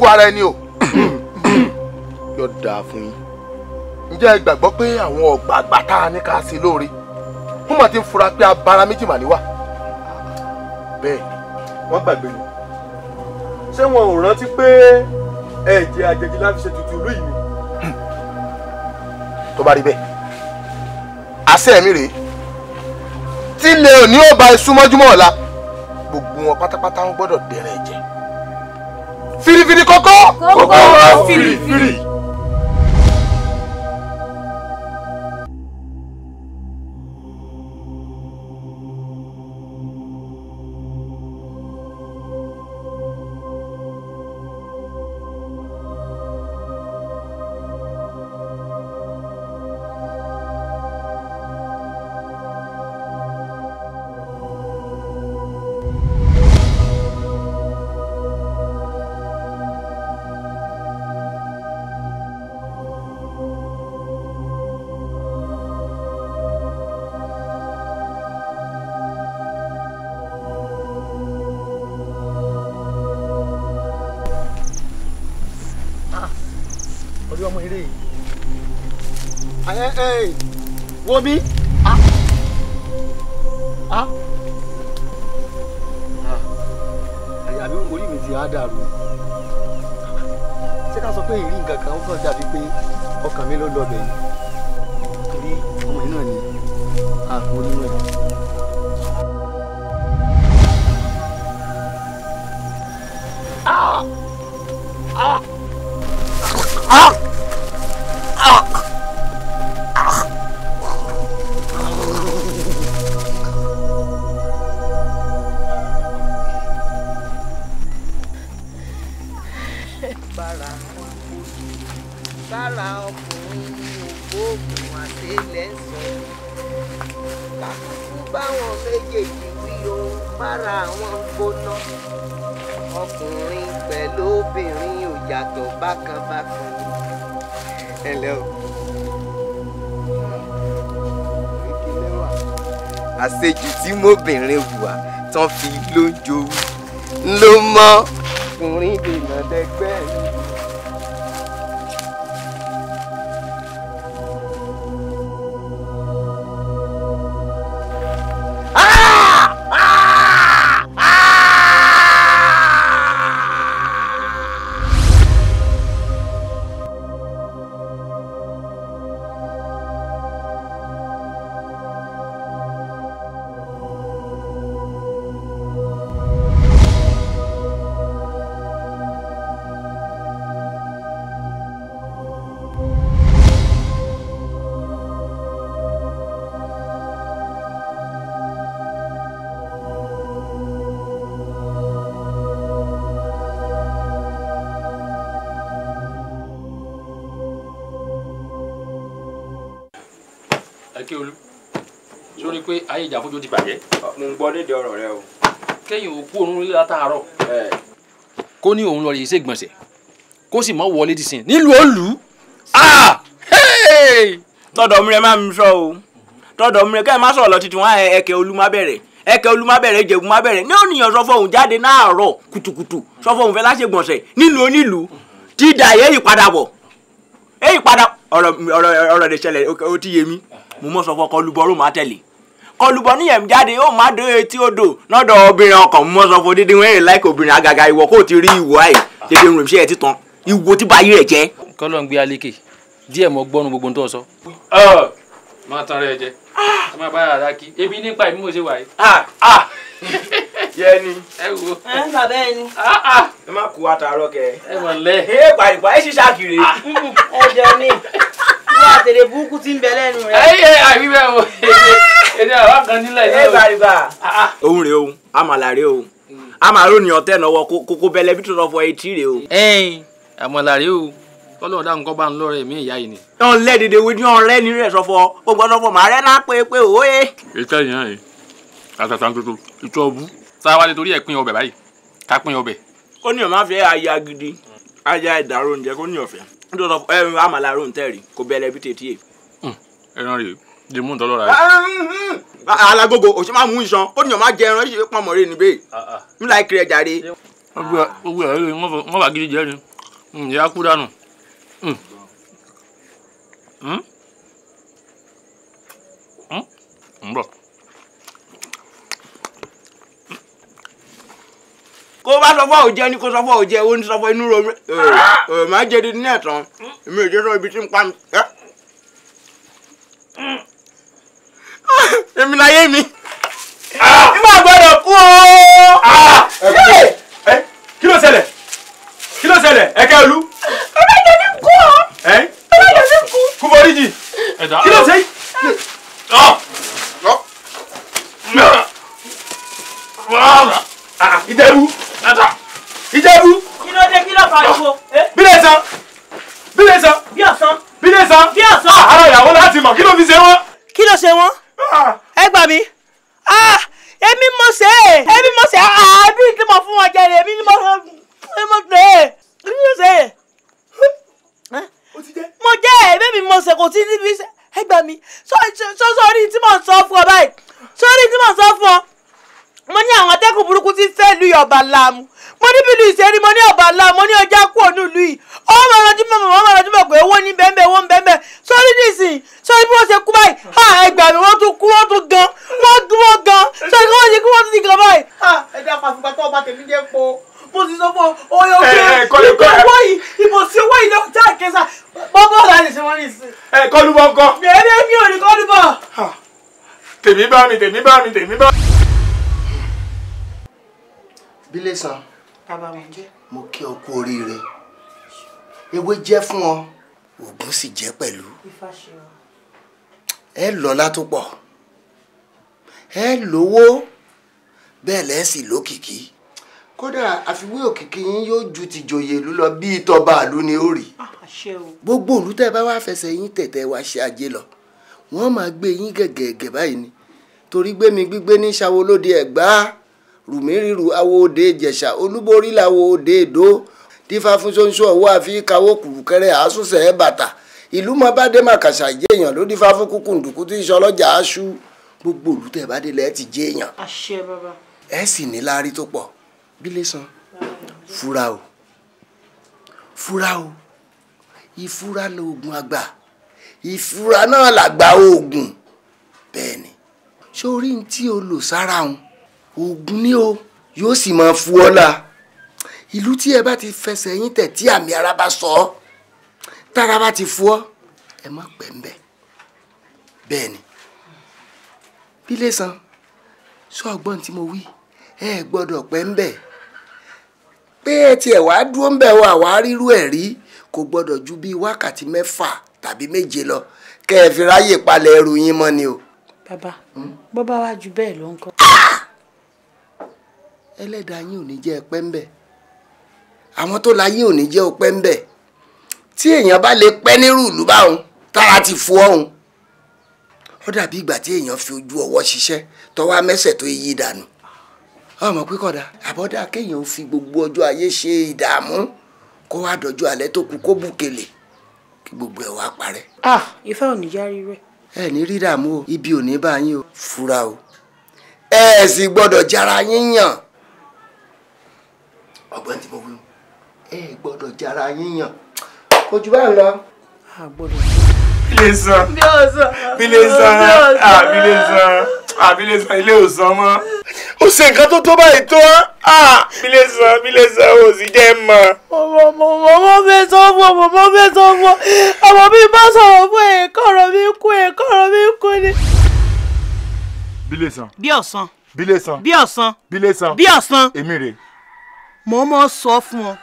kókó ara ẹni o yóò dáa fún yín ǹjẹ́ ẹ gbàgbọ́ pé àwọn ọ̀gbà àgbà tá a ní ká ṣe lóore wọ́n mà ti ń fura pé abara méjì mà níwà bẹ́ẹ̀ wọ́n gbàgbé ni ṣé wọn ò rántí pé ẹ̀jẹ̀ àjèjì la fi ṣe tutù ìlú yìí ni. tó bá rí bẹ́ẹ̀ àṣẹ mi rèé tílé òní ò bá iṣu mọ́júmọ́ ọ̀la gbogbo wọn pátápátá ń gbọ́dọ̀ dẹ̀rẹ̀ firifiri kókó kókó wá firifiri. omi. Ah. Ah. Ah. àyà mi orí mi ti á dàrú ṣé ká sọ pé ìrí nǹkan kan ó kàn dàbí pé ọkàn mi ló lọ bẹ̀yìn torí ọmọ yìí náà ni àpò onínú ẹ̀. mọ́bìnrin hùwà tán fi lóúnjẹ owó ló mọ́ ọkùnrin dènà dẹgbẹ́ nídìí ọ̀rọ̀ rẹ o. kẹ́yìn òkú òun látàárọ̀. kó ní òun lọ rèé ṣègbọ̀nsẹ̀ kó sì mọ́ wọlé ti sìn nílùú òòlù. Ah! tọ́dọ̀ mi rẹ máa mi sọ o tọ́dọ̀ mi rẹ kẹ́hìn má sọ̀rọ̀ lọ títí wọn ẹ̀kẹ́ olú má bẹ̀rẹ̀ ẹ̀kẹ́ olú má bẹ̀rẹ̀ ìjẹ̀bú má bẹ̀rẹ̀ ní ònìyàn sọ fóun jáde náàárọ̀ kùtùkùtù sọ fóun fẹ́ láṣẹ̀gbọ̀nsẹ̀ nílùú onílùú ti dà yẹ́ ìpadàbọ̀ èyí padà ọ̀rọ̀ ọ̀rọ̀ ọ̀rọ̀ ìṣẹ̀lẹ̀ ó ti yé mi mo mọ̀ sọ fọkọ olúbọ̀rún máa tẹ̀lé kọlùbọ níyẹn jáde ó má dé etí odò lọ́dọ̀ obìnrin ọkàn mọ́ sọ fún dídín wẹ́rẹ́ láìka obìnrin àgàgà ìwọ kò ti rí ìwọ àì tètè rìn ṣe ẹ̀ ti tán ìwo tí báyìí rẹ̀ jẹ́. kọ́lọ́ ń gbé alékè díẹ̀ mọ́ gbọ́nu gbogbo tó sọ. máa tan rẹ jẹ máa bá yàrá kí ebi nípa ìmú òṣè wáyé. yẹni ẹ wo. ẹ bàbá ẹ ni. ẹ má kú àtàárọ̀ kẹ. ẹ mọ̀ lẹ. ẹ pàrìpà ẹ ṣiṣẹ́ àkìrè. ẹ jẹun ní. bí àtẹ̀lẹ̀ burúkú ti ń bẹ lẹ́nu rẹ. ẹ yẹ àríwẹ̀ o èdè àwa kan nílẹ̀ yìí. ẹ bá rí bá. òun rèé o àmàlà rèé o àmàlà òní ọ̀tẹ̀ náà kókó bẹlẹ bí tuntun fọ etí rèé o. ẹyin àmàlà rèé o kọ́lọ́ dáhùn kọ́ bá ń lọ́rẹ̀ mí ìyá yìí ni. ọ̀n lẹ́dẹ̀dẹ̀ wo ni ọ̀rẹ́ ni rẹ̀ sọ̀fọ̀ o gbọ́dọ̀ fọ màá rẹ́ náà pé pé òye. ìtẹ́ yìí náà yìí àtàtà tuntun ìtọ́ ọbú. sáwa nítorí ẹ̀ pín ọbẹ̀ báyìí ká pín ọbẹ̀. kó ní ọ̀ma fẹ́ aya gidi aya ìdárò oúnjẹ kó ní ọ̀fẹ́ nítorí àmàlà rò ń tẹ̀rí kò bẹ̀rẹ̀ bí tètè. ẹran rèé lè mú ntọ́ lọ́ra rẹ. alagogo òṣèlú máa mú iṣan ó nìyàn máa jẹ ẹran ṣe pọn mọ̀rẹ́ níbẹ̀ mi láì kiri ẹja rẹ. gbogbo ẹ̀ lóye wọ́n bá gidi jẹ́ ni mm, ìyá kú dànù. Mm. Mm. ń bọ̀. kó bá sọ fún òjẹ ni kó sọ fún òjẹ ó ní sọ fún inú romi ẹ eh, eh, máa jẹ di ní ẹ̀tàn èmi ò jẹ́ sọ ibi tí ń pa mi. Eh èmi náà yé mi ah! ìmọ̀ àgbọ̀dọ̀ kú o. Ah! Eh, kí ló ṣẹlẹ̀ kí ló ṣẹlẹ̀ ẹ̀kẹ́ olú. ọlọ́jọ́ mi kú o eh? ọlọ́jọ́ mi kú. kú borí jì kí ló ṣe. Ah! ìjẹ̀bú ìjẹ̀bú. kí ló dé kí ló pariwo. Eh? bílẹ̀ san bílẹ̀ san. bí ọ̀sán. bílẹ̀ san. bí ọ̀sán. àárọ̀ ìyàwó láti mọ̀ kí ló fi ṣe wọ́n. kí ló ṣe wọ́n ẹ gbà mí ah, èmi mo ṣe é èmi mo ṣe é àbí ah, tí mo fún wọn jẹ rè èmi ni mo ṣe é èmi mo ṣe é mo jẹ èmi mi mo ṣe kò tí níbi ẹ gbà mí sọ sọ sọ orí tí mo sọ fún ọ báyìí sọ orí tí mo sọ fún ọ mo ní àwọn atẹ́kùn burúkú tí ń fẹ́ lu ọba láàmú mo ní bílù ìṣẹ́rí mo ní ọba láàmú mo ní ọjà kú ònú lu yìí ó máa rántí mọ̀ mọ̀ máa rántí mọ̀ pé owó ní bẹ́ẹ̀ owó ń bẹ́ẹ̀ sórí nísìnyí sórí bí wọ́n ṣe kú báyìí ha ẹgbàá mi wọ́n tún kú wọ́n tún gan wọ́n dúró gan sórí kí wọ́n ṣe kú wọ́n tún ti gan báyìí. ẹ dá pàṣípà tó ọba tèmi jẹ́ po mo ti sọ fún ọ eh, eh, ọyọ pé ibo owó yìí ibo sí owó yìí lọ́wọ́ já kẹsà bọ́bọ́ la lè ṣe wọ́n ní ìsìn. ẹ kọlùbọ̀ nǹkan. bẹ́ẹ̀ ni mi ò ní kọlùbọ̀. tèmi bá mi tèmi bá mi tèmi bá mi bílẹ̀ san. bàbá mi jẹ́. mo kí ọ kú oríire ewé jẹ́ fún ọ oògùn sì jẹ́ pẹ̀lú. ifá ṣe ọ. ẹ lọ́lá tó pọ̀ ẹ lówó bẹ́ẹ̀ lẹ́ sì lókìkí kódà àfiwé òkìkí yín yóò ju ti jòyè ìlú lọ bí ìtọ́ba ìlú ni ó rí. Ah, gbogbo ìlú tẹ́ bá wá fẹsẹ̀ yín tẹ̀tẹ̀ wá ṣe ajé lọ wọ́n máa gbé yín gẹ̀gẹ̀gẹ̀ báyìí ni torí gbémi gbígbé ní ṣàwolóde ẹ̀gbá. E rùmírìrù awòde jẹ̀ṣà olúborí làwòde èdò dífá fún ṣóńṣó ọwọ́ àfi kawó kùrùkẹrẹ àásùnṣẹ́ e bàtà ìlú mọ bá dé màkàṣà jẹ́yàn ló dífá fún kúkú ǹdùkú tí ìṣọlọ́jà aṣú gbogbo olùtẹ̀ bá délẹ̀ ti jẹ́yàn. àṣẹ bàbá. ẹ e sì ní láárí tó pọ̀ bílẹ̀ san fura o fura o ìfura lóògùn àgbà ìfura náà làgbà oògùn bẹ́ẹ̀ ni ṣé o lò sára òun oògùn ni o yóò sì máa fu ọ́ la ìlú tí ẹ bá ti fẹsẹ̀ yín tẹ̀ tí àmì ara bá sọ ọ́ tára bá ti fu ọ́ ẹ má pẹ́ ń bẹ̀ bẹ́ẹ̀ ni bílé san sọ ọgbọ́n tí mo wí ẹ gbọ́dọ̀ pẹ́ ń pé ẹ tiẹ̀ wá dúró ń bẹ̀ wá rírú ẹ̀ rí kò gbọ́dọ̀ ju bíi wákàtí mẹ́fà tàbí méje lọ kẹ́ ẹ fi ráyè palẹ̀ ẹrù yín mọ́ ni o. bàbá bọ́ bá wá ju bẹ́ẹ̀ lọ ń kọ́. Ah! ẹlẹ́dàá yín ò ní jẹ́ ọpẹ́ ń bẹ̀ àwọn tó la yín ò ní jẹ́ ọpẹ́ ń bẹ̀ tí èèyàn bá lè pẹ́ nírú ìlú báwọn tára ti fo ọ̀hún ó dàbí ìgbà tí èèyàn fi ojú ọwọ́ ṣiṣẹ́ tọwọ́ amẹ́sẹ̀ tó yí dànù ọmọ pínkọ̀dá àbọ̀dá kéèyàn ò fi gbogbo ọjọ́ ayé ṣe ìdààmú kó wá dọjọ́ alẹ́ tó kù kó bùkélé kí gbogbo ẹ̀ wá parẹ́. ah ìfẹ́ ò ní yárí rẹ̀. ẹ ní rí dààmú o ibi ò ní bá yín o fura o ẹ ẹ sì gbọ́dọ̀ jára yín yàn ọgbọ́n tí mo wí ẹ gbọ́dọ̀ jara yíyan kò jù báyìí lọ. a gbọ́dọ̀. ilé san ilé san ilé san ilé san ilé ò san mọ́. ó ṣe nǹkan tó tó báyìí tó ilé san ilé san ò sì jẹ́ mọ́. ọmọ ọmọ fẹ́ sọ fún ọmọ ọmọ fẹ́ sọ fún ọmọ mi bá sọ̀rọ̀ fún èèkọ́ ọ̀rọ̀ mi kú èèkọ́ ọ̀rọ̀ mi kú ni. bílẹ̀ san. bí ọ̀sán. bílẹ̀ san. bí ọ̀sán. bílẹ̀ san. bí ọ̀sán. èmi rè é mo mọ sọ fún ọ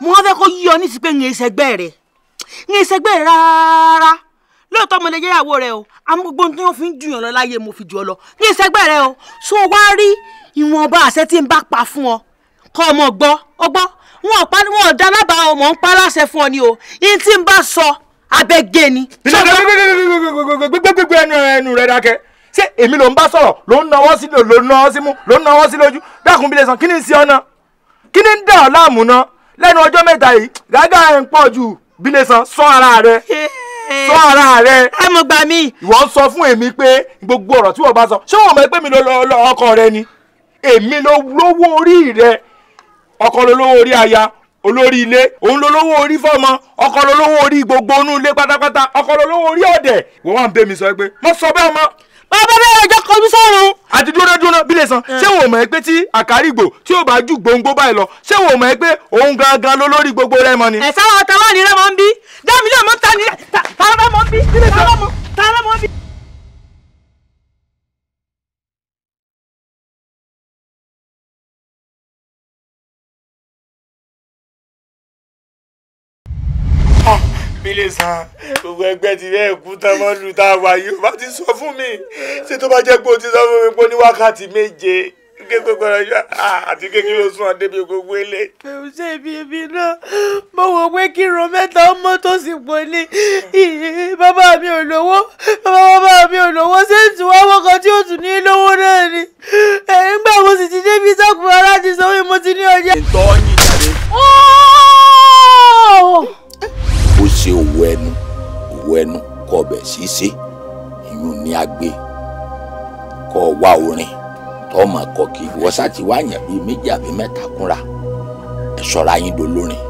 mo wá fẹ́ kó yí ọ ní sí pé ń ṣẹgbẹ́ rẹ ń ṣẹgbẹ́ rẹ rárá lóòótọ́ mo lè jẹ́ ìyàwó rẹ o àmọ́ gbogbo ohun tí wọ́n fi ń jùyàn lọ láyé mo fi jù ọ lọ ń ṣẹgbẹ́ rẹ o so wá rí ìwọ̀nba àṣẹ tí ń bá pa fún ọ kọ́ ọmọ gbọ́ ọ gbọ́ wọn ò pa wọn ò dá lábàá ọmọ ń pa láṣẹ fún ọ ni o yín tí ń bá sọ abẹ́gẹ́ ni. gbẹgbẹgbẹgbẹgbẹgbẹ ẹnu rẹ dákẹ́ ṣé èmi ló ń bá sọ̀rọ̀ ló ń náwó sí ló ń náwó sí mú ló ń náwó sí lójú dákun bí lè sàn kí ni ń ṣe ọ náà. kí ni ń dà ọ́ láàmú ná lẹ́nu ọjọ́ mẹ́ta yìí gàgà sọ ara rẹ sọ ara rẹ. sọ fún èmi pé gbogbo ọ̀rọ̀ tí wọ́n sọ ṣé wọ́n mọ̀ pé lọ ọkọ rẹ ni èmi ló lówó rẹ ọkọ ló lówó aya olórí ilé òun ló lówó orí fọmọ ọkọ ló gbogbo ilé ọkọ ló lówó orí ọ̀dẹ̀ wọ́n sọ pé mo sọ bẹ́ẹ̀ mọ́ bàbá bẹ́ẹ̀ ọjọ́ kọjú sọ́run. àti dúró dúró bí lè san ṣé wò mọ̀ ẹ́ pé tí àkárìgbò tí ò bá jù gbòǹgbò báyìí lọ ṣé wò mọ̀ ẹ́ pé òun gangan ló lórí gbogbo rẹ mọ ni. ẹ̀ sáwọn tàwọn ni rẹ́mọ̀ ń bí dáàmì náà mọ̀ ta ni tààrà mọ̀ ń bí tààrà mọ̀ ń bí. Ah mílẹ̀ san gbogbo ẹgbẹ́ ti rẹ̀ kú tán tá a wà yìí o bá ti sọ fún mi ṣé tó bá jẹ́ pé o ti sọ fún mi pé ó ní wákàtí méje kékeré ọjọ́ àti kékeré oṣù hàn débi gbogbo ilé. bẹ̀rù ṣe ibi ibi náà mo wò pé kí ro mẹ́ta ọmọ tó sì pọ̀ ní bàbá mi ò lówó bàbá mi ò lówó ṣé ń tún wá wọ́kọ̀ tí ó tún ní lówó náà ni nígbà mo sì ti débi sákùnrin aláàtì sọ pé mo ti ní ọjà. ìtọ́ yìí jáde ṣe òwò ẹnu òwò ẹnu kọ ọbẹ̀ ṣíṣe ìyún ní agbe kọ wá orin tọmọ kọ kí wọ́sà ti wá yàn bíi méjì àbí mẹ́ta kúnra ẹ ṣọ́ra yín dolórin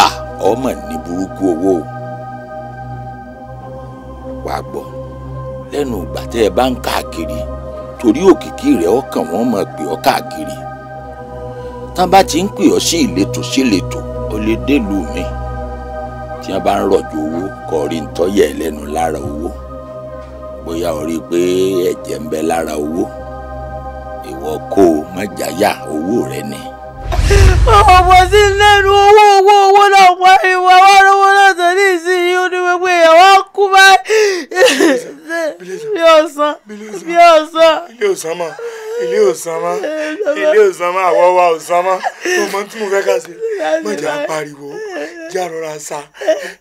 a ọmọ ní burúkú owó wàá gbọ́ lẹ́nu ìgbà tẹ́ ẹ bá ń káàkiri torí òkìkí rẹ̀ ọkàn wọn mọ̀ pé ọ káàkiri tán bá ti ń pè ọ sí ìletò sí ìletò ọ lè délùú mi. Si tí wọ́n bá ń rọ̀jò owó kò rí ntọ́yẹ̀ lẹ́nu lára owó bóyá o rí i pé ẹ̀jẹ̀ ń bẹ lára owó ìwọ kó o má jáyà owó rẹ ni. ọ̀pọ̀ sí lẹ́nu owó owó owó náà wá ìwà wá lọ́wọ́ náà tẹ̀lé ìsinyìí ó ní gbogbo ìyàwó kú báyìí. bí ọ̀sán bí ọ̀sán. ilé ọ̀sán mà ilé ọ̀sán mà ilé ọ̀sán mà àwọ̀ wa ọ̀sán mà mo mọ tí mo fẹ́ kà sí mọ̀jà pariwo jẹ́ àrọ́ra sa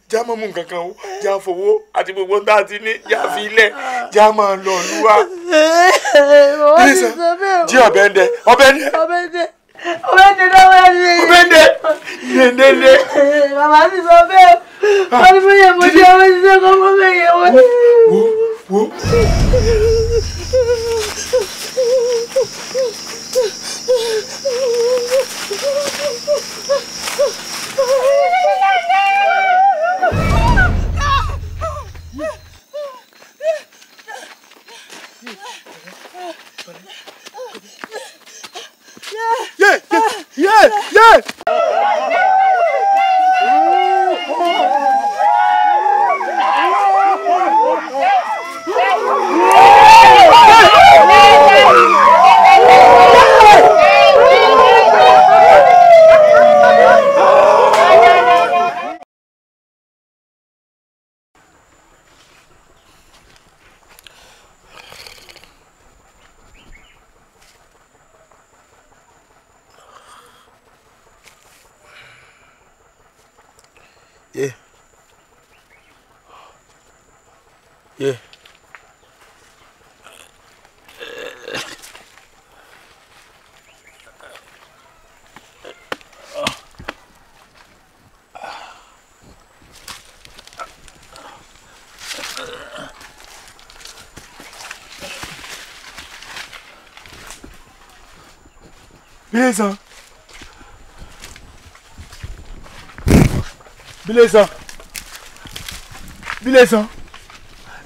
jẹ́ àmọ́ mú nǹkan kan o jẹ́ àfọwọ́ àti gbogbo tá a ti ní jẹ́ àfi ilẹ̀ jẹ́ àmọ́ lọ lúwa. bísí jí ọbẹ̀ ń dẹ ọbẹ̀ ń dẹ. ọbẹ̀ ń dẹ ọbẹ̀ ń dẹ lọ́wọ́ ẹ̀ ní. oh, ń dẹ ndende. bàbá mi sọ bẹ́ẹ̀ wọ́n ní bóyá mo jẹ́ ọmọ ṣiṣẹ́ kọ́ mọ́ bẹ́yẹ wọ́n. wo wo. Thank you. Yeah! Yeah! Yeah! Yeah! Bileza. Bileza. Bileza.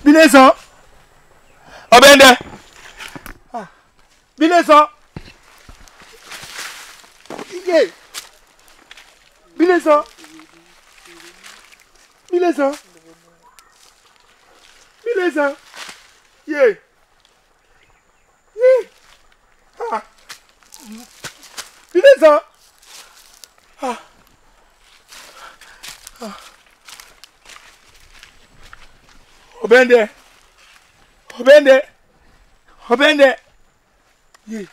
Bileza. Obende. Ah. Bileza. Iye. Bileza. Bileza. yeah, yeah. Ah. bineza ah. ah. obende obende obende ye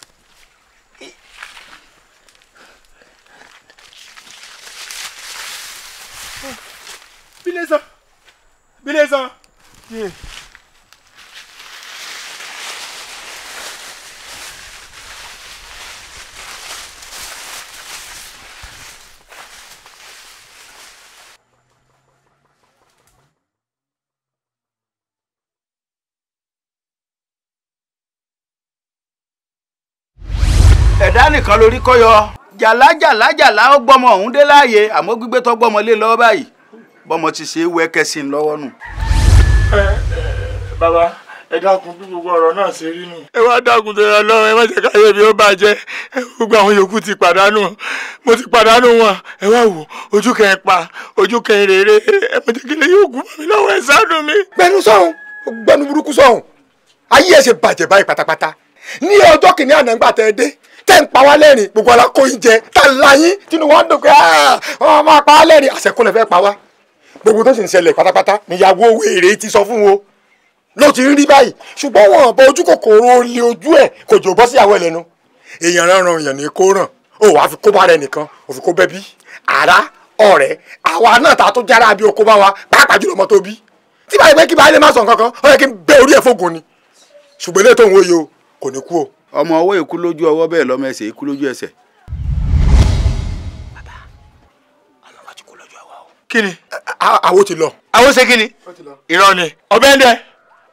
bineza bineza ye yeah. nìkan lórí kọ́yọ. jàlá jàlá jàlá ó gbọ́mọ ọ̀hún dé láàyè àmọ́ gbígbé tó gbọ́mọ lé lọ́wọ́ báyìí bọ́mọ ti ṣe é wẹ́ kẹ́sì ń lọ́wọ́ nù. ẹ ẹ bàbá ẹ dákun bí gbogbo ọ̀rọ̀ náà ṣe rí nù. ẹ wá dákun tó yọ lọ́wọ́ ẹ má jẹ́ káyé mi ó bàjẹ́ gbogbo àwọn yòókù ti pàdánù mo ti pàdánù wọn ẹ wá wò ojú kẹrin pa ojú kẹrin rere ẹ má jẹ́ kí lè yóò kú bá mi lọ́wọ́ ẹ ṣàánú mi. gbẹnu sọhùn gbẹnu burúkú sọhùn ayé ẹ ṣe bàjẹ́ báyìí pátápátá ní ọjọ́ kìnínní àná ńgbà tẹ́ ẹ dé tẹ́ ń pa wá lẹ́rìn gbogbo ara kó yín jẹ tá a la yín tínú wọn dùn pé wọn ah, máa pa wá lẹ́rìn àṣẹkùnlẹ̀ fẹ́ pa wá gbogbo tó sì ń ṣẹlẹ̀ pátápátá níyàwó wèrè ti sọ fún wọn ló ti ń rí báyìí ṣùgbọ́n wọn bọ ojú kòkòrò olè ojú ẹ̀ kò jò bọ́ sí àwọn ẹlẹ́nu èèyàn ránran èèyàn ní kó ràn ó wàá fi kó bá rẹ nìkan ó fi kó bẹ́bí àrá ọ̀rẹ́ àwa náà ta tó jára bí okó bá wa pàápàá jùlọ mọ́ tó bí tí báyìí pé kí báyìí lè má sọ nǹkan kan ó yẹ kí n bẹ orí ẹ̀ fógun ni ṣùgbọ́n ilé tóun ó yẹ kò ní kú o ọmọ ọwọ́ ikú lójú ọwọ́ bẹ́ẹ̀ lọ́mọ ẹsẹ̀ ikú lójú ẹsẹ̀. bàbá àwọn ọmọ ti kú lójú ọwọ́ o. kí ni àwo ti lọ. àwo ṣe kí ni irọ́ ni ọbẹ̀ ń dẹ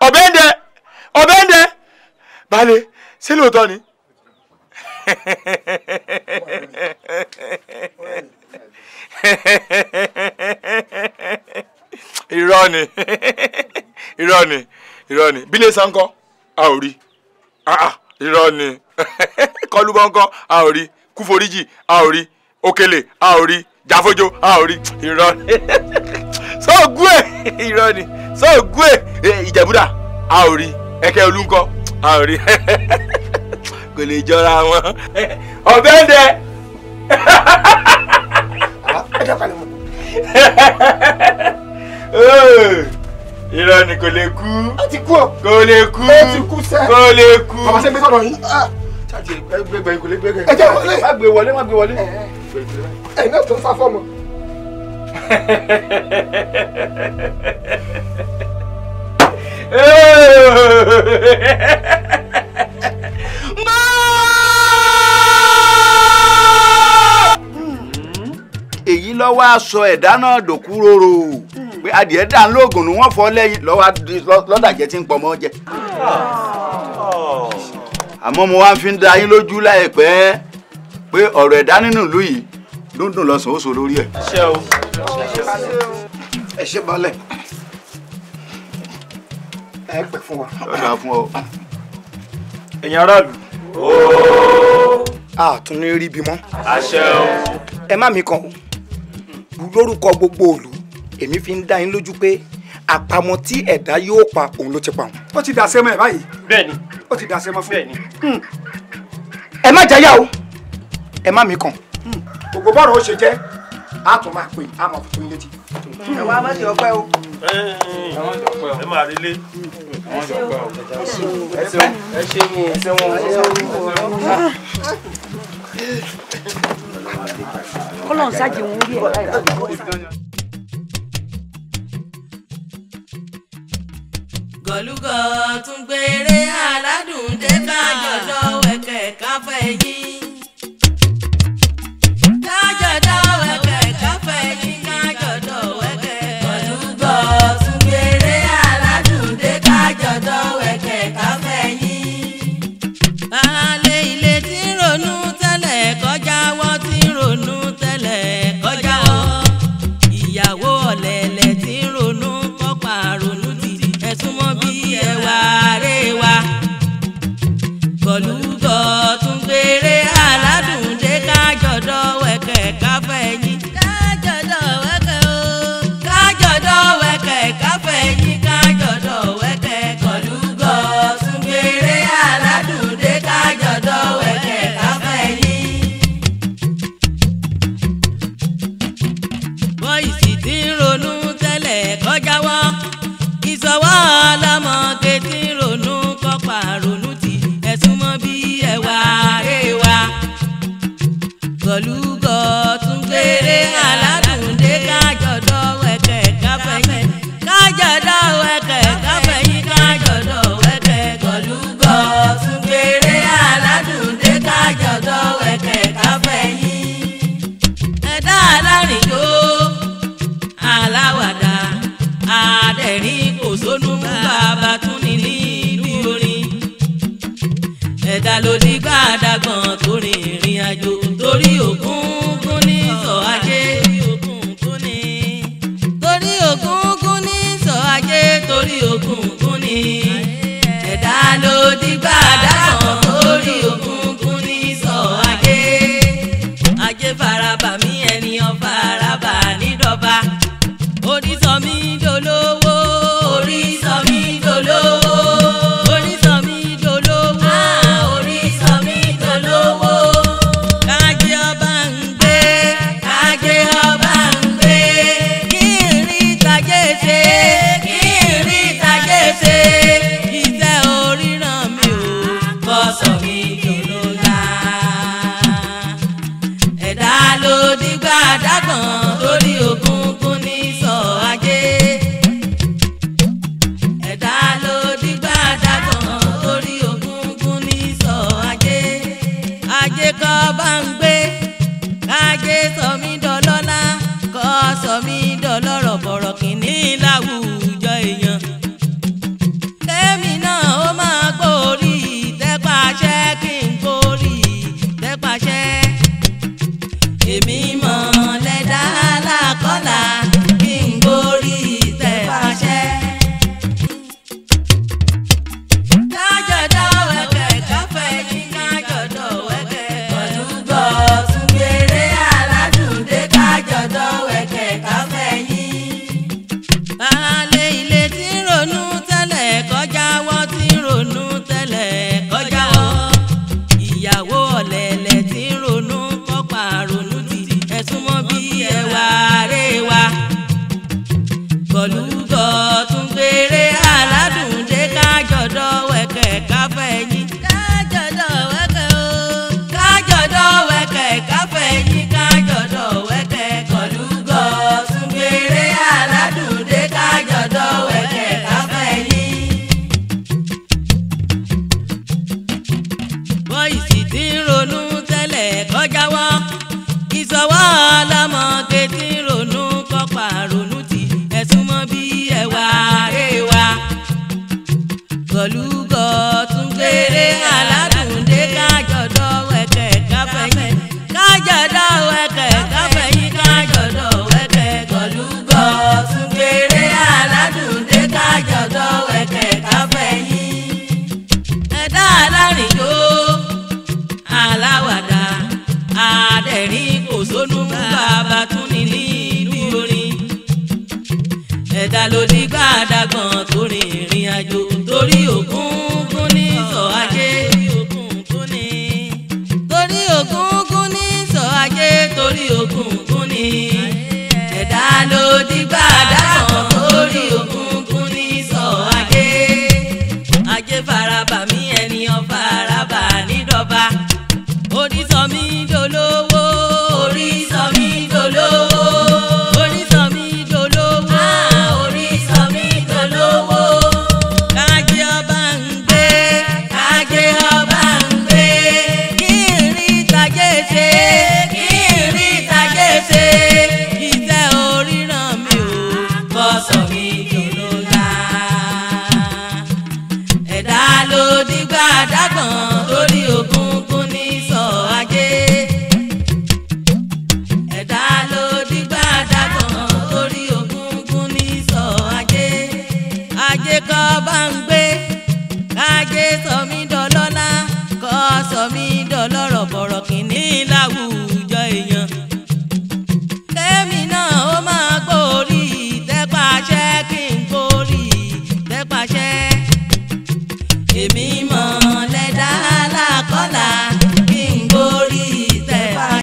ọbẹ̀ ń dẹ ọbẹ̀ ń dẹ ni. irọ́ ni irọ́ ni irọ́ ni bílẹ̀ sankọ́ a ò rí ah, ah irọ́ ni kọlùbọ́ńkọ́ a ò rí kúforíjì a ò rí òkèlè a ò rí jáfójó a ò rí irọ́ ni sọ́ọ̀gù ẹ̀ irọ́ ni sọ́ọ̀gù ẹ̀ eh, ìjẹ̀búdà a ò rí ẹ̀kẹ́ olúńkọ́ a ò rí kò lè jọra wọn ọ̀bẹ́ irọ́ ni kò lè kú. ó ti kú ọ. kò lè kú. ó ti kú sẹ́. kò lè kú. bàbá sẹ́ gbé sọ̀rọ̀ yín. ṣáàtì ẹgbẹgbẹ kò lè gbé ẹ jẹ́ wọlé. má gbé wọlé má gbé wọlé. ẹ náà tó ń sá fọ́ọ̀mù. èyí ló wá ẹ̀dá náà dòkú rorò pé adìẹ dà ń lóògùn ni wọ́n fọ́ lẹ́yìn lọ́dàjẹ́ tí ń pọ̀ mọ́ jẹ. àmọ́ mo wá fi ń da yín lójú láìpẹ́ pé ọ̀rọ̀ ẹ̀dá nínú ìlú yìí dúndùn lọ́sàn-án ó so lórí ẹ̀. ẹ ṣe balẹ̀ ẹ pẹ́ fún wa. lọ́dà fún ọ. ẹ̀yin aráàlú. a tún ní rí bímọ. àṣẹ o. ẹ má mi kàn o lórúkọ gbogbo òlù èmi fi ń dá yín lójú pé àpamọ́ tí ẹ̀dá yóò pa òun ló ti pa òun. ó ti dàsẹ́ mọ́ ẹ̀ báyìí. bẹ́ẹ̀ni ó ti dàsẹ́ mọ́ fún. bẹ́ẹ̀ni. ẹ má jáyà o ẹ má mi kàn. Hmm. gbogbo bọ́ọ̀rọ̀ ó ṣe jẹ́ a tún máa pè á máa fún létí. ẹ wá má ti ọpẹ́ o. ẹ máa rí lé. ẹ ṣeun ẹ ṣeun ẹ ṣeun ẹ ṣeun ọlọ́run ṣáàjì wọn rí ẹ̀ báyìí. gọ̀lúgọ̀ tún gbére aládùn dé bá jọ̀dọ̀ wẹ̀kẹ̀ káfẹ́ yín.